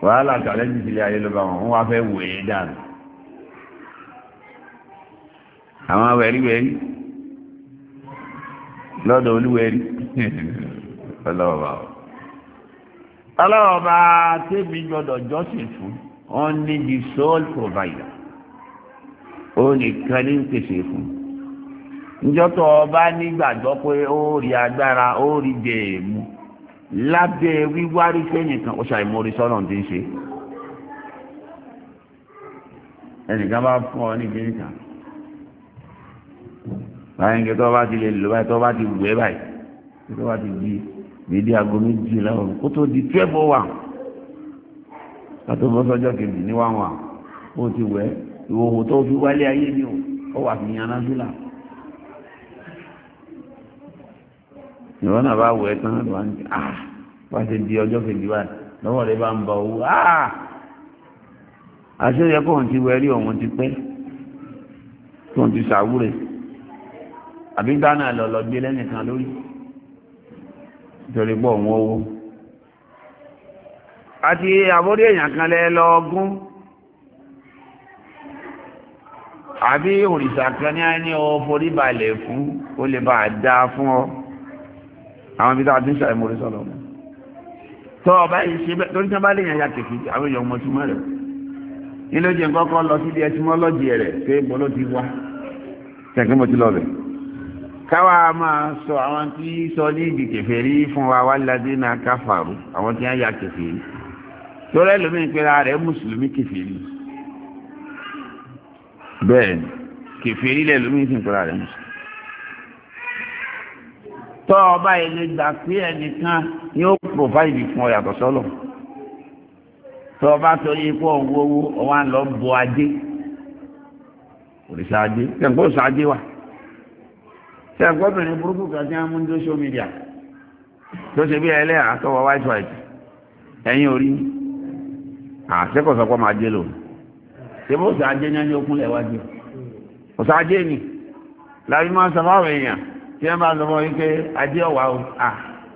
wàhálà kàlẹ́ jìbìlì ayé ló bá wọn wọ́n wá fẹ́ wèé dànù àwọn wẹ̀ríwẹ̀rí lọ́dọ̀ olúwẹ̀rí ọlọ́wọ́ báwọ̀ ọlọ́run bá tẹ́mi gbọ́dọ̀ jọ́sìn fún ọ́n ní the sole provider ó nìkan ní pèsè fún njọ́tọ̀ ọba nígbàgbọ́ pé ó rí agbára ó rí jẹ̀ẹ́mú lábẹ́ wíwárí sẹ́nìkan ó ṣàìmórí sọ́nà tí ń ṣe ẹnìkan bá fún ọ ní kíníkà báyìí ń gẹ́ tó bá ti lè lò báyìí tó bá ti wù ẹ́ báyìí tó bá ti gbé e dédé aago méjì láwọn kó tó di twelve oh one kátó bọ́ sọ́jọ́ kejì ní wàhùn ó ti wẹ̀ ìwòwò tó fi wálé ayé ni ó ó wà fi yan náfìlà. ìwọ náà bá wẹ̀ tán ló wà ní ah wá ti di ọjọ́ kejì wa lọ́wọ́ rẹ̀ bá ń bọ̀ owó ah àṣeyẹ kóhùn ti wẹ̀ rí òun ti pẹ́ tóhùn ti ṣàwúrẹ̀ àbí dáná lọ lọ gbé lẹ́nìkan lórí torí pọ̀ wọn owó àti àbórí èèyàn kan lẹ lọ ọgún àbí òrìṣà kan ní ẹni ọ forí balẹ̀ fún o lè bá dá fún ọ àwọn ibi tó àti ń ṣàìmórí sọ̀rọ̀ tọ́ ọba ìṣe bẹ́ẹ̀ torí tí wọ́n bá lè yàn ya kèké àwọn èèyàn ọmọ túmọ̀ rẹ̀ nílò jẹ́ kọ́kọ́ lọ sí ibi ẹtimọ́lọ́jì rẹ̀ pé bọ́lọ́ ti wá tẹ̀kí mo ti lọ bẹ̀ káwa máa sọ àwọn tí sọ ní ìdí kèfèrí fún wa wá ládé náà káfàrú àwọn tí wọ́n ya kèfèrí lórí ẹlòmíín pera rẹ̀ mùsùlùmí kèfèrí bẹ́ẹ̀ kèfèrí lẹ́lòmíín sì ń pera rẹ̀ mùsùlùmí tọ́ ọba ilé gbà pé ẹnìkan ni ó pòfáìlì fún ọ yàtọ̀ sọ́lọ̀ tọ́ ọba torí ikú ọ̀hún owó ọwọ́ à ń lọ bọ ajé òrìṣà ajé kẹ́ńkó òrìṣà ajé wà. tí a gbọ́dọ̀ ní burúkú kan tí ní social media tó ṣe bí ẹlẹ́ àtọwọ́ white white ẹ̀yìn orí àṣẹ́kọ̀ọ́sọpọ̀ máa jẹ́ lò ṣe bó ní ẹni okúnlẹ̀ wájú ọ̀sá ajé ni lábí máa sọ fáwọn èèyàn tí wọ́n bá sọ fún wípé ajé ọ̀wà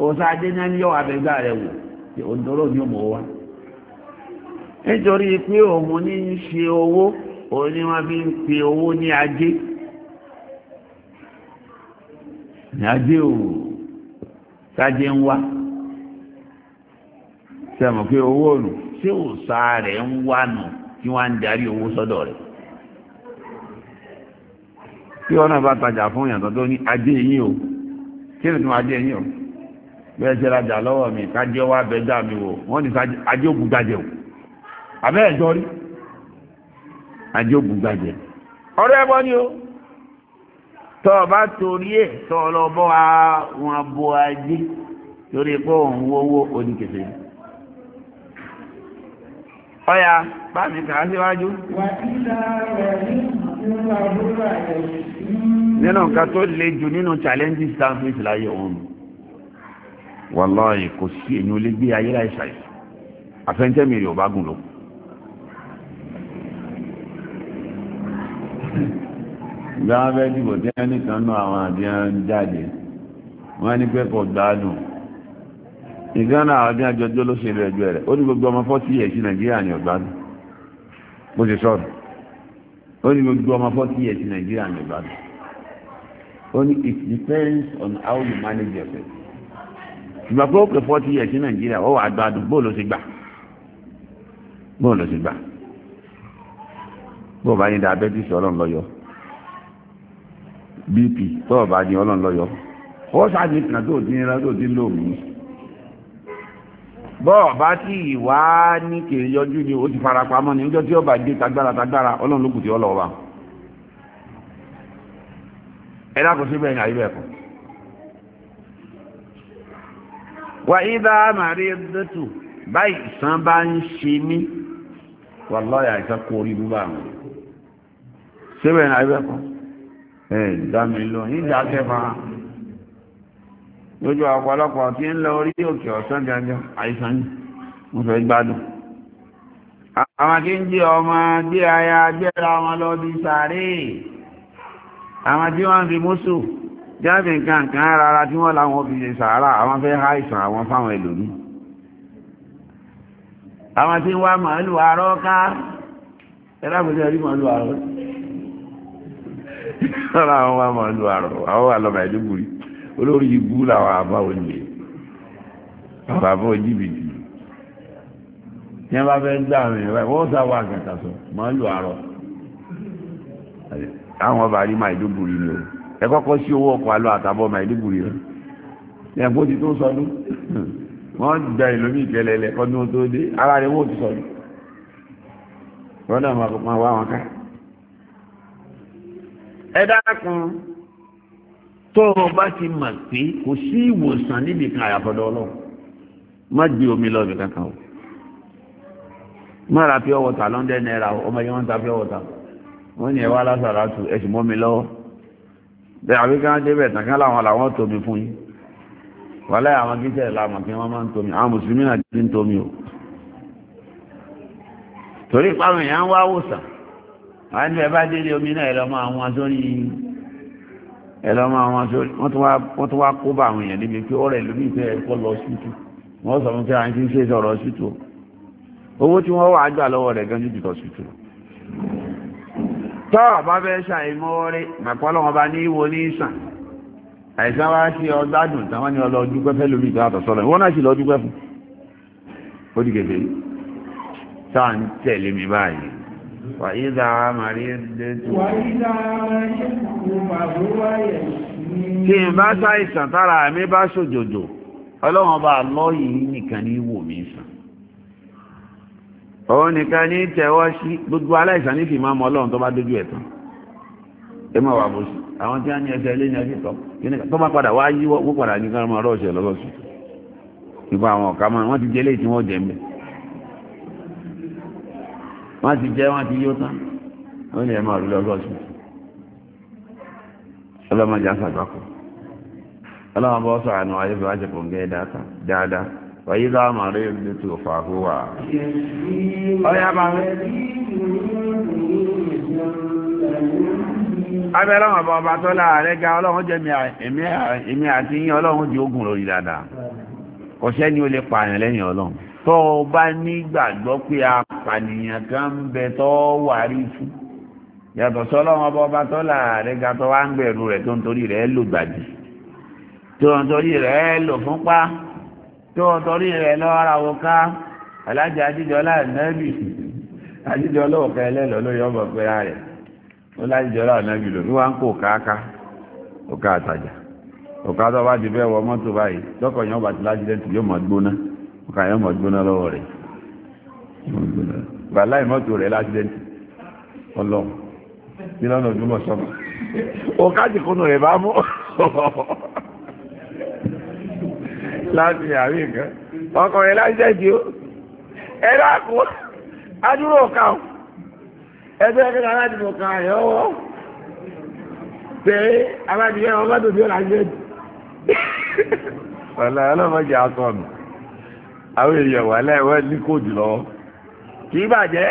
ọ̀sá ajé ní ẹni yọ̀wà rẹ̀ wò ni nítorí pé òun ní ṣe owó òun fi ń pe owó ní ní ajé o sájé ń wá sẹ́mu pé owó ònù ṣé òòsà rẹ̀ ń wá nù tí wọ́n á ń darí owó sọ́dọ̀ rẹ̀ tí wọn náà bá tajà fún ní ajé yín o kí ni tún ajé yín o bẹ́ẹ̀ ṣe rajà lọ́wọ́ mi kájẹ́ wá bẹ́jà mi wò wọ́n ní ajé ògùn o jọ rí ajé ògùn ọ̀rẹ́ ni o tọ́ ọ bá torí ẹ̀ tọ́ ọ lọ bọ́ àwọn abo ajé torí pé òun wọ́wọ́ oníkẹ̀tẹ̀ yìí ọya bá mi kà á síwájú nínú nǹkan tó le jù nínú challenges tá ń fi ìsìláyé òun kò sí èyí ó gbé ayé láìsàì àfẹ́ntẹ́mìrì ò ìgbà wọn dìbò tí wọ́n nìkan náà àwọn àti jáde wọ́n ní pé kò gbádùn ìgbà àwọn àti wọn ló ṣe ilé ẹjọ́ rẹ̀ ó ní gbogbo ọmọ fọ́tí yẹ̀ sí nàìjíríà ní ọ̀gbádùn bó ṣe sọ̀rọ̀ ó ní gbogbo ọmọ fọ́tí yẹ̀ sí nàìjíríà ní ọ̀gbádùn ó ní it depends on how you manage yourself ìgbà pé ó pè fọ́tí yẹ̀ sí nàìjíríà ó wà gbádùn bó ló ṣe gbà bó ló ṣe gbà bó bá yín diabetes ọlọ́run lọ́yọ̀ọ́ bp tọ́wọ́ bá di ọlọ́run lọ́yọ́ ó ṣáàjì kan tó ti nira tó bọ́ọ̀ bá tí ìwá ní yọjú ni ó ti fara pamọ́ ní ọjọ́ tí ó bá dé tagbára tagbára ọlọ́run ló kù tí ó wa ẹ ní wà màrí dẹ́tù báyìí bá ń ṣe mí wà ìdámilò ìdákẹ́fà lójú ọ̀pọ̀lọpọ̀ tí ń lọ orí òkè ọ̀sán jẹjọ àìsàn oke ọsọ fẹ́ gbádùn àwọn tí ń jí ọmọ gbé aya gbéra wọn lọ bí sàárè àwọn tí wọ́n ń fi mùsù jáde nǹkan kan rárá tí wọ́n láwọn fi ṣe sàárà àwọn fẹ́ há àwọn fáwọn ẹlòmí àwọn tí lára àwọn wa máa lu àrọ̀ àwọn wà lọ́mọ ẹ̀dúgbùrí olórí ibú làwọn àbá olè àwọn àbá ojíbìtì tí wọ́n bá fẹ́ gbà àwọn èèyàn wọ́n sá wà kàkà sọ máa lu àrọ̀ àwọn ọba rí máa ẹ̀dúgbùrí ni o ẹ kọ́kọ́ sí owó ọkọ̀ àlọ́ àtàbọ̀ máa ẹ̀dúgbùrí rẹ̀ ẹ̀ bó ti tó sọdún wọ́n gba ìlómi ìkẹlẹ̀ ẹ̀lẹ́kọ́ ní wọ́n tó dé ara rẹ̀ wọ́n ti sọdún wọ́n náà máa wá wọn ká ẹ dákun tó o bá ti mọ̀ pé kò sí ìwòsàn níbi kan àyàfọ́dọ́ ọlọ́run má gbé omi lọ ibi kankan o má ra pure water lọ́ndẹ̀ náírà ọmọ yẹn wọ́n ta pure water wọ́n ní ẹ wá lásàrà tù ẹ sì mọ́ mi lọ́wọ́ bẹ́ẹ̀ àbí kí wọ́n débẹ̀ tán kí làwọn làwọn tómi fún yín wàhálà àwọn kí sẹ́yìn làwọn kí wọ́n máa ń tómi àwọn mùsùlùmí náà ti ń tómi o torí ìpamọ́ yẹn ń wá wòsàn wọ́n ní ẹbá délé omi náà ẹlọ́mọ àwọn sórí ẹlọ́mọ àwọn sórí wọ́n tó wá kó bá àwọn èèyàn níbi pé ọ̀rẹ́ lómi ìfẹ́ ẹ̀kọ́ lọ ṣútù wọ́n sọ fún kí àwọn ìṣe sọ̀rọ̀ ṣútù owó tí wọ́n wà á gbà lọ́wọ́ rẹ̀ gan jù jùlọ ṣútù tọ́ ọ̀bá fẹ́ ṣàìmọ́ọ́rẹ́ màpọ́lọ́wọ́n bá ní ìwo ní ìsàn àìsàn wá sí ọgbádùn táwọn ní ọlọ́ọ̀dún pẹ́fẹ́ lómi ìgbà àtọ̀sọ́lọ̀ wọ́n náà sì lọ́ọ̀dún pẹ́fún ó dìgẹ̀dẹ̀ sáà ń tẹ̀lé mi báyìí وإذا مرضت وإذا مرضت فهو يشفين tí n bá ṣàìsàn tára mi bá ṣòjòjò ọlọ́run ọba àlọ́ yìí nìkan ní wò mí sàn òun nìkan ní tẹ̀wọ́ sí gbogbo aláìsàn ní fìmọ́ ọmọ ọlọ́run tó bá dójú ẹ̀ tán ẹ máa wà bóṣù àwọn tí wọ́n ní ẹsẹ̀ ilé ní ẹsẹ̀ tọ́ tó bá padà wá yíwọ́ padà ní kí wọ́n máa rọ̀ ọ̀ṣẹ̀ lọ́sọ̀ọ̀sẹ̀ nípa àwọn ọ̀ka máa wọ́n ti jẹ́ léyìí tí wọ́n jẹ́ mbẹ́ wọ́n ti jẹ́ wọ́n ti yó tán wọ́n lè máa rí lọ́gọ́sù ọlọ́mọdé àṣàgbákò ọlọ́mọbọ sọ àánú ayé bí wọ́n ti kùn gẹ́ dáadáa wà. ọba ga ọlọ́run jẹ́ àti yín ọlọ́run di ogun lórí dáadáa ó lè pààyàn lẹ́yìn ọlọ́run. t'ọ bá nígbàgbọ́ pé apànìyàn kan ń bẹ tó wà rí fún yàtọ̀ sọ́lọ́wọ́n bá ọba tó ga tó wá ń gbẹ̀rù rẹ̀ tó ń torí rẹ̀ lò gbàdì tó ń torí rẹ̀ lò fúnpá tó ń torí rẹ̀ lọ́ra alájà nẹ́bì ẹlẹ́lọ́ ló yọ ó nẹ́bì lò ń kó káàká àtàjà tó bá ti wọ mọ́tò ọkàyọ́ mọ̀ gbóná lọ́wọ́ rẹ̀ bàlá ìmọ́tò rẹ̀ lásìdẹ́ntì ọlọ́run ní lọ́nà ògbómọ̀ sọ́mọ̀ ọkájì kúnnù rẹ̀ bá mú láti àrí nǹkan ọkọ̀ rẹ̀ lásìdẹ́ntì ó ẹ̀rọ àkó adúrò ọ̀ka ọ̀ ẹgbẹ́ ẹgbẹ́ aláàdì ọ̀ka ẹ̀ ọwọ́ pé aláàdì ọ̀ka ọmọdé bí ó lásìdẹ́ntì ọ̀la ọlọ́mọdé àtọ̀nù àwọn èèyàn wà láìwọ́ ní kò jùlọ kì í bàjẹ́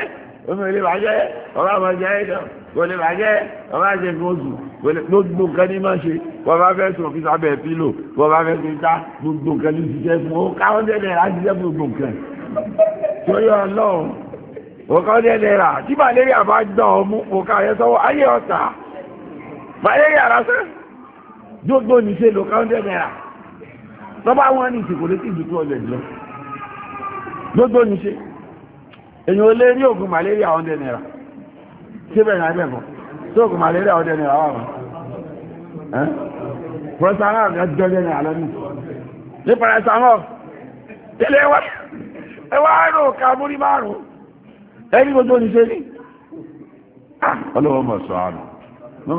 omi ilé bàjẹ́ ọba ọmọ jẹ́ ẹ̀dọ̀ kò lè bàjẹ́ ọba ṣe fi oṣù gbogbo nǹkan ní máa ṣe wọ́n bá fẹ́ sọ fífa bẹ́ẹ̀ pílò wọ́n bá fẹ́ fífa gbogbo nǹkan ní ṣiṣẹ́ fún ó káwọn tẹ́ náírà ṣiṣẹ́ fún gbogbo nǹkan tó yọ ọlọ́run ó káwọn tẹ́ náírà tí malaria bá dán ọ mú ó káwọn yẹn sọ́wọ́ ayé ọ̀tá malaria lásán gbogbo nìṣe lò káwọn tẹ́ náírà lọ́ba gbogbo ní ṣe èyàn ah, olè rí malaria ọ̀dẹ̀ nìra tí bẹ̀rẹ̀ àbẹ̀kọ́ tí malaria ọ̀dẹ̀ nìra wà wọ́n ní tẹ́lẹ̀ ẹwà márùn ẹni gbogbo ní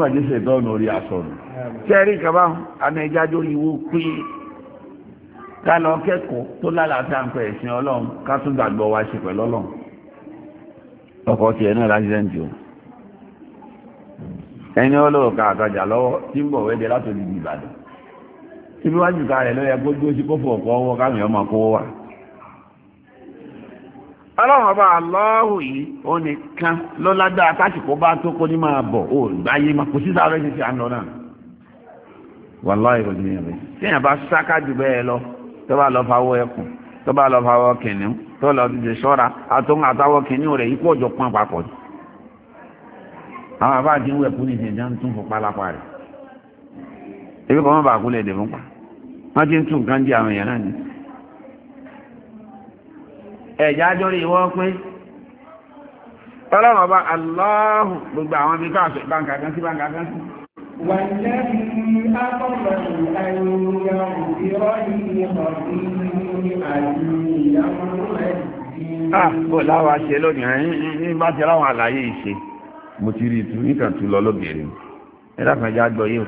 àrùn ìtọ́nù orí asọ̀rùn tẹ́rí kàbá àmì pín ká lọ kẹ́kọ̀ọ́ tó lálàáfíà ń pẹ́ ẹ̀sìn ọlọ́run ká tún gbàgbọ́ wa ṣe pẹ̀lú ọlọ́run ọkọ̀ tiẹ̀ náà o ẹni ọlọ́rọ̀ ká àtajà lọ́wọ́ tí ń bọ̀ wẹ́dẹ látòdì ìbàdàn síbi jù ká rẹ̀ kó dúró sí kófò ọ̀pọ̀ ọwọ́ káwọn wà. ọlọ́run ọba àlọ́hùn yìí ó ló lágbára bá tó kó ní máa bọ̀ ó gbáyé kò síta rẹ̀ ṣe ṣe náà kò tó bá lọ fawọ ẹkùn tó bá lọ fawọ kìnìún tó lọ ti ṣọ́ra àtúnwò àtàwọ kìnìún rẹ̀ ikú ọ̀jọ̀ pọ́n papọ̀ ni àwọn àbá àti ìwé ẹ̀kún ní ìṣẹ̀dá tún fún pálápá rẹ̀ ebi kọ́ mọ́ bàá kú lẹ́ẹ̀dẹ̀ fún pa wọ́n ti ń tún nǹkan àwọn èèyàn náà ni. ẹ̀já jọ rí ìwọ́ pé ọlọ́run aláhùn gbogbo àwọn ibi káàkiri báńkà kan sí báńkà kan sí. والذي أقرر أن يغفر لي خطيئتي يوم الدين Ah, bó láwá ṣe lónìí rẹ̀ ní bá ti ráwọn àlàyé ìṣe. Mo ti rí ìtù níkà tún lọ lóbìnrin. Ẹlákan já gbọ́ yìí.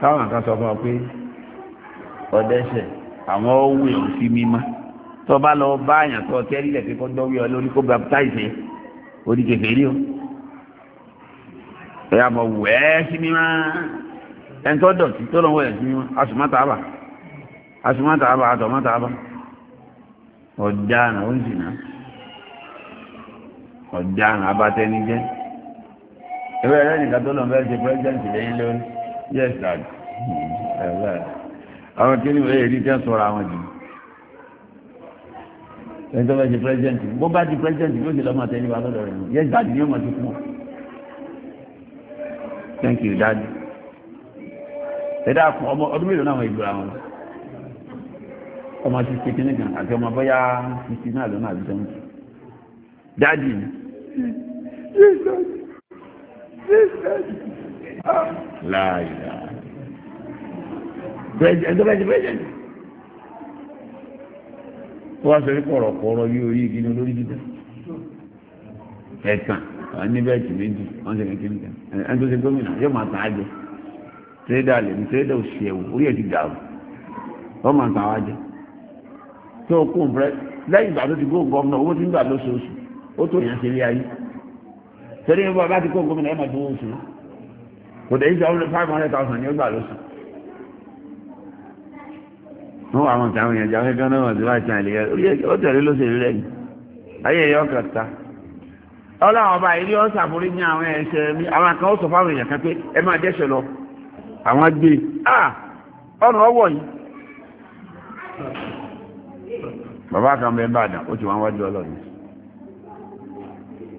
Táwọn kan sọ fún ọ pé ọ̀dẹ́ṣẹ̀ àwọn owó èèyàn sí mímá. Tó bá lọ bá àyàn tó tẹ́rí lẹ̀ pé kọ́ dọ́wé ọ lórí kó baptize orí kèfèrí o ẹ̀yà mọ̀ wẹ́ẹ́ sí mímá ẹ̀ńtọ́ dọ̀tí tó lọ́wọ́ ẹ̀ sí mímá asùmọ́ta àbà asùmọ́ta àbà àtọ̀mọ́ta àbà ọ̀daràn ó ń sìnà ọ̀daràn abatẹnijẹ́ ẹgbẹ́ ẹ̀rẹ́ nìkan tó lọ́wọ́ ẹ̀ ṣe pẹ́sidẹ́ǹtì lẹ́yìn lórí yes dad ẹ̀rẹ́ àwọn kí ni wọ́n èrí tẹ́ sọ̀rọ̀ àwọn jù ẹ̀ńtọ́ bá ṣe pẹ́sidẹ́ǹtì bó bá di pẹ́sidẹ́ǹtì ló ti lọ́mọ àtẹnibà lọ́dọ̀ rẹ̀ yes dad ni ó mọ̀ sí thank you daddy ẹ̀dá fún ọmọ ọdún mélòó náà ìgbò àwọn ọmọ ti ṣètì nìkan àti ọmọ bọ́yá fífi náà lọ́nà àbíjọ́ ní daddy láìlá ẹjọ́ bẹ́ẹ̀ ti bẹ́ẹ̀ jẹ́ wọ́n sọ pé kọ̀rọ̀kọ̀rọ̀ yóò rí ìgbìnà lórí dídá ẹ̀tàn àwọn níbẹ̀tì méjì wọ́n ṣe kékeré kan ẹni tó ṣe gómìnà yóò máa tàn á jẹ tírẹ́dà lè ní ò ṣe ẹ̀wò orí ẹ̀ ti dàrú wọ́n máa tàn á jẹ tó o fẹ́ lẹ́yìn ìgbà tó ti owó ti ń gbà lóṣooṣù ó tó yàn ti kó gómìnà ẹ̀ máa dúró oṣù kò five hundred thousand ni ó gbà ọlọ́run ọba ilé ọ́ nye ní àwọn ẹ̀ṣẹ̀ mi àwọn kan ó sọ fáwọn èèyàn kan pé ẹ máa dẹ́ṣẹ̀ lọ àwọn gbé e. à ọ̀nà ọwọ́ yìí bàbá kan bẹ ń bàdàn ó ti wọ́n wájú ọlọ́run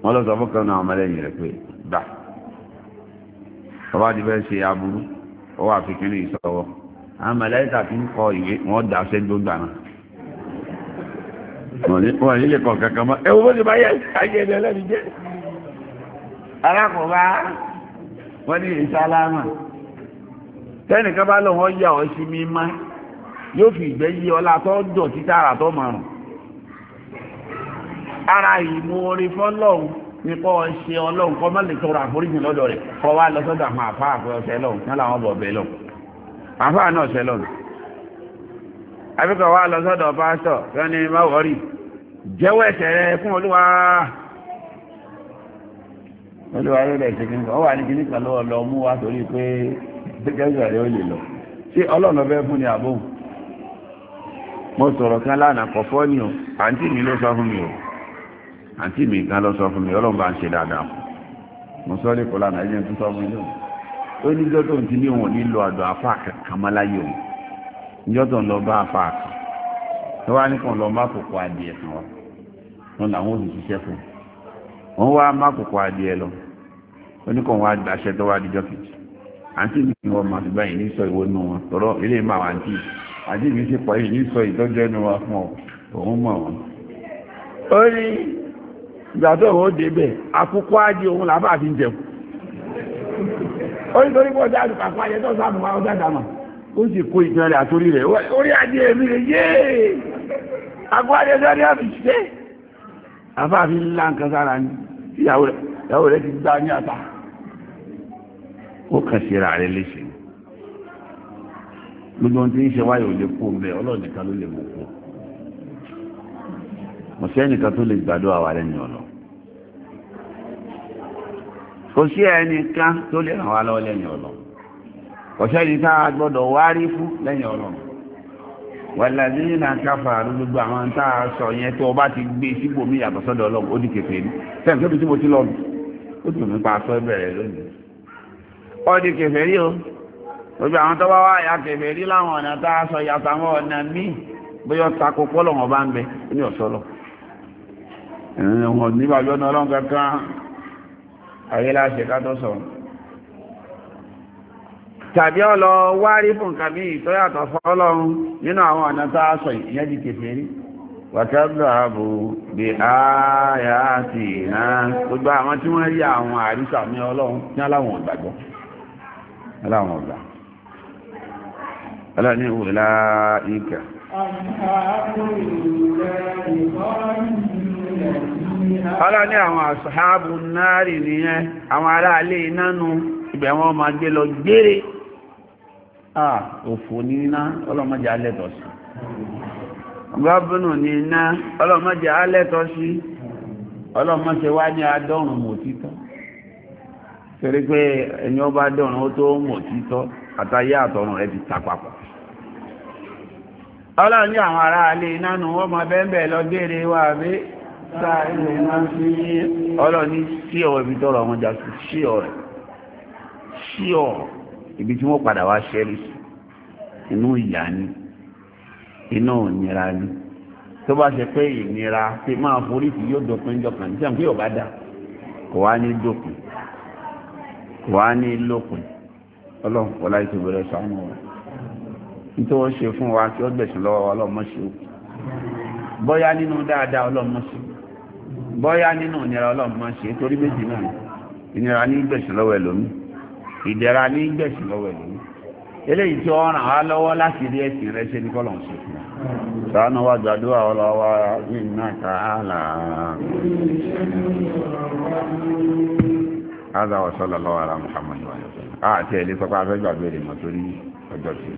wọ́n lọ sọ fún kan náà pé gbà bàbá ti ṣe aburú ó wọ́n dà gbà wọ́n nílé kan kankan mọ́ ẹwọ́ bó ti bá yẹ ayé ẹ̀dẹ̀ lẹ́nu jẹ́ alákùnbá wọ́n ní ìsálámà tẹ́nìkan bá lọ́wọ́ yà ọ́ sí mímá yóò fi ìgbẹ́ yí ọlá tó dọ̀ títà àrà tó márùn ara ìmú orí fọ́lọ́hun nípa ọṣẹ ọlọ́hun kọ́ mọ́lẹ̀ tọrọ àforíjì lọ́dọ̀ rẹ̀ kọ́ wá lọ sọ́dọ̀ àwọn àfá àpẹ ọ̀sẹ̀ lọ́hun ní làwọn bọ̀ bẹ̀ lọ́hun náà ọ̀sẹ̀ lọ́hun àbíkọ̀ wá lọ sọ́dọ̀ pásítọ̀ yọ́n ní má wọ́rì jẹ́wọ́ ẹ̀ṣẹ̀ rẹ fún olúwa olúwa ló lẹ̀ ṣe ọwà ní kìnnìkan lọ́wọ́ lọ mú wá torí pé gẹ́gẹ́ rẹ̀ ó lè lọ fún ni àbò mo sọ̀rọ̀ kan lánàá kọ̀fọ́ ni o mi ló sọ fún mi o àǹtí mi kan lọ sọ fún mi ọlọ́run bá ń ṣe dáadáa mo sọ sọ fún mi ó ní ní òun afá ń lọ bá afá kan tó wá ní kàn lọ wọn làwọn òsì ṣiṣẹ́ fún wọn wá mákòkò adìẹ lọ oníkan wá daṣẹ tó wá dijọ́ kejì àǹtí mi ni wọn máa fi báyìí ní sọ ìwọ nù wọn tọrọ ilé ìmọ̀ àwọn àǹtí àǹtí mi sì pọ̀ yìí ní sọ ìtọ́jú ẹnu wa fún ọ òun mọ̀ wọn. ó ní ìgbà tó òun ó débẹ̀ àkókò ajé òun làbá àfi ń jẹun ó ní torí bọ́ọ̀dá àdùpàpá ayẹ tó sáàmù wa ọjà dàmà ó sì kó ìtàn rẹ̀ àtórí rẹ̀ orí adìẹ àfáàfin ńlá nǹkan sára ní ìyàwó rẹ̀ ti gbá ní àtà ó kàn sí ra rẹ̀ léṣe gbogbo ohun tí ń ṣe wáyé ò lè kó ń bẹ ọlọ́run nìkan ló lè mú kó kò sí ẹnìkan tó lè gbàdúrà wa lẹ́nu ọ̀nà kò sí ẹnìkan tó lè ràn wá lọ́wọ́ lẹ́nu ọ̀nà kò sẹ́ni tá gbọ́dọ̀ wárí fún lẹ́yìn ọlọ́run wàlàdí iná káfàárù gbogbo àwọn tá sọ yẹn tó o bá ti gbé síbòmí yàtọ̀ sọ́dọ̀ ọlọ́run ó di kẹfẹ́ ni sẹ́yìn tó fi tí mo ti lọ́nu ó dùn mí pa aṣọ ìbẹ̀rẹ̀ lónìí ó di kẹfẹ́ rí o gbogbo àwọn tó bá wá ya kẹfẹ́ rí láwọn ọ̀nà tá a sọ yàtọ̀ àwọn ọ̀nà míì bóyá ọ̀tako pọ́lọ̀ wọn bá ń bẹ ó ní ọ̀sọ́lọ̀ ẹ̀rìn wọn nígbàgbọ́ náà ọlọ́run kankan ayé láṣẹ ká tó sọ̀rọ̀ tàbí ọlọ wárí fún nǹkan bí ìtọ́yàtọ̀ fọ́lọ́run nínú àwọn ọ̀nà tá a ìyẹn di kèfèrí wàtàbàbò bí ààyà ti náà gbogbo àwọn tí wọ́n rí àwọn àrísà mi ọlọ́run ní aláwọn ìgbàgbọ́ aláwọn ọ̀gbà ìkà ọlọ́run ní àwọn náà rí nìyẹn àwọn aráalé nu ibẹ̀ wọn máa gbé lọ gbére à òfò ní iná ọlọ́mọdé alẹ́tọ̀ sí gọ́bùnù ní iná ọlọ́mọdé alẹ́tọ̀ sí ọlọ́mọdé wá ní adọ́rùn mòtítọ́ torí pé ẹni ọba adọ́rùn ó tó mòtítọ́ àtàyé àtọ̀rùn rẹ̀ ti tapapọ̀ ọlọ́run ní àwọn ará alẹ́ iná nù wọ́n mọ bẹ́ẹ̀ lọ béèrè wà bí sáàrin iná sí ọlọ́run ní sí ọ̀rọ̀ ibi tọrọ ọmọdé sí ọ̀rọ̀ ibi tí wọ́n padà wá ṣẹ́rí inú ìyà ni inú ìnira ni tó bá ṣe pé ìnira pé máa forí sí yóò dópin jọkàn nígbà pé ò bá dà kò wá ní dópin kò wá ní lópin ọlọ́run kò láì tó bẹ̀rẹ̀ sánú wa nítorí wọ́n ṣe fún wa kí ó gbẹ̀sùn lọ́wọ́ ọlọ́mọṣe o bọ́yá nínú dáadáa ọlọ́mọṣe bọ́yá nínú ìnira ọlọ́mọṣe torí méjì náà ìnira ní gbẹ̀sùn lọ́wọ́ ẹlòmíì ìdẹ̀ra ní gbẹ̀sìn lọ́wọ́ ẹ̀lú eléyìí tí wọ́n ràn wá lọ́wọ́ láti rí ẹ̀sìn rẹ̀ ṣe ní kọ́lọ̀ ṣe fún un sàánú wa gbàdúrà ọlọ́wọ́ yìí náà tààlà هذا وصلى الله على محمد وعلى اله وصحبه اه تي لي سوف افجع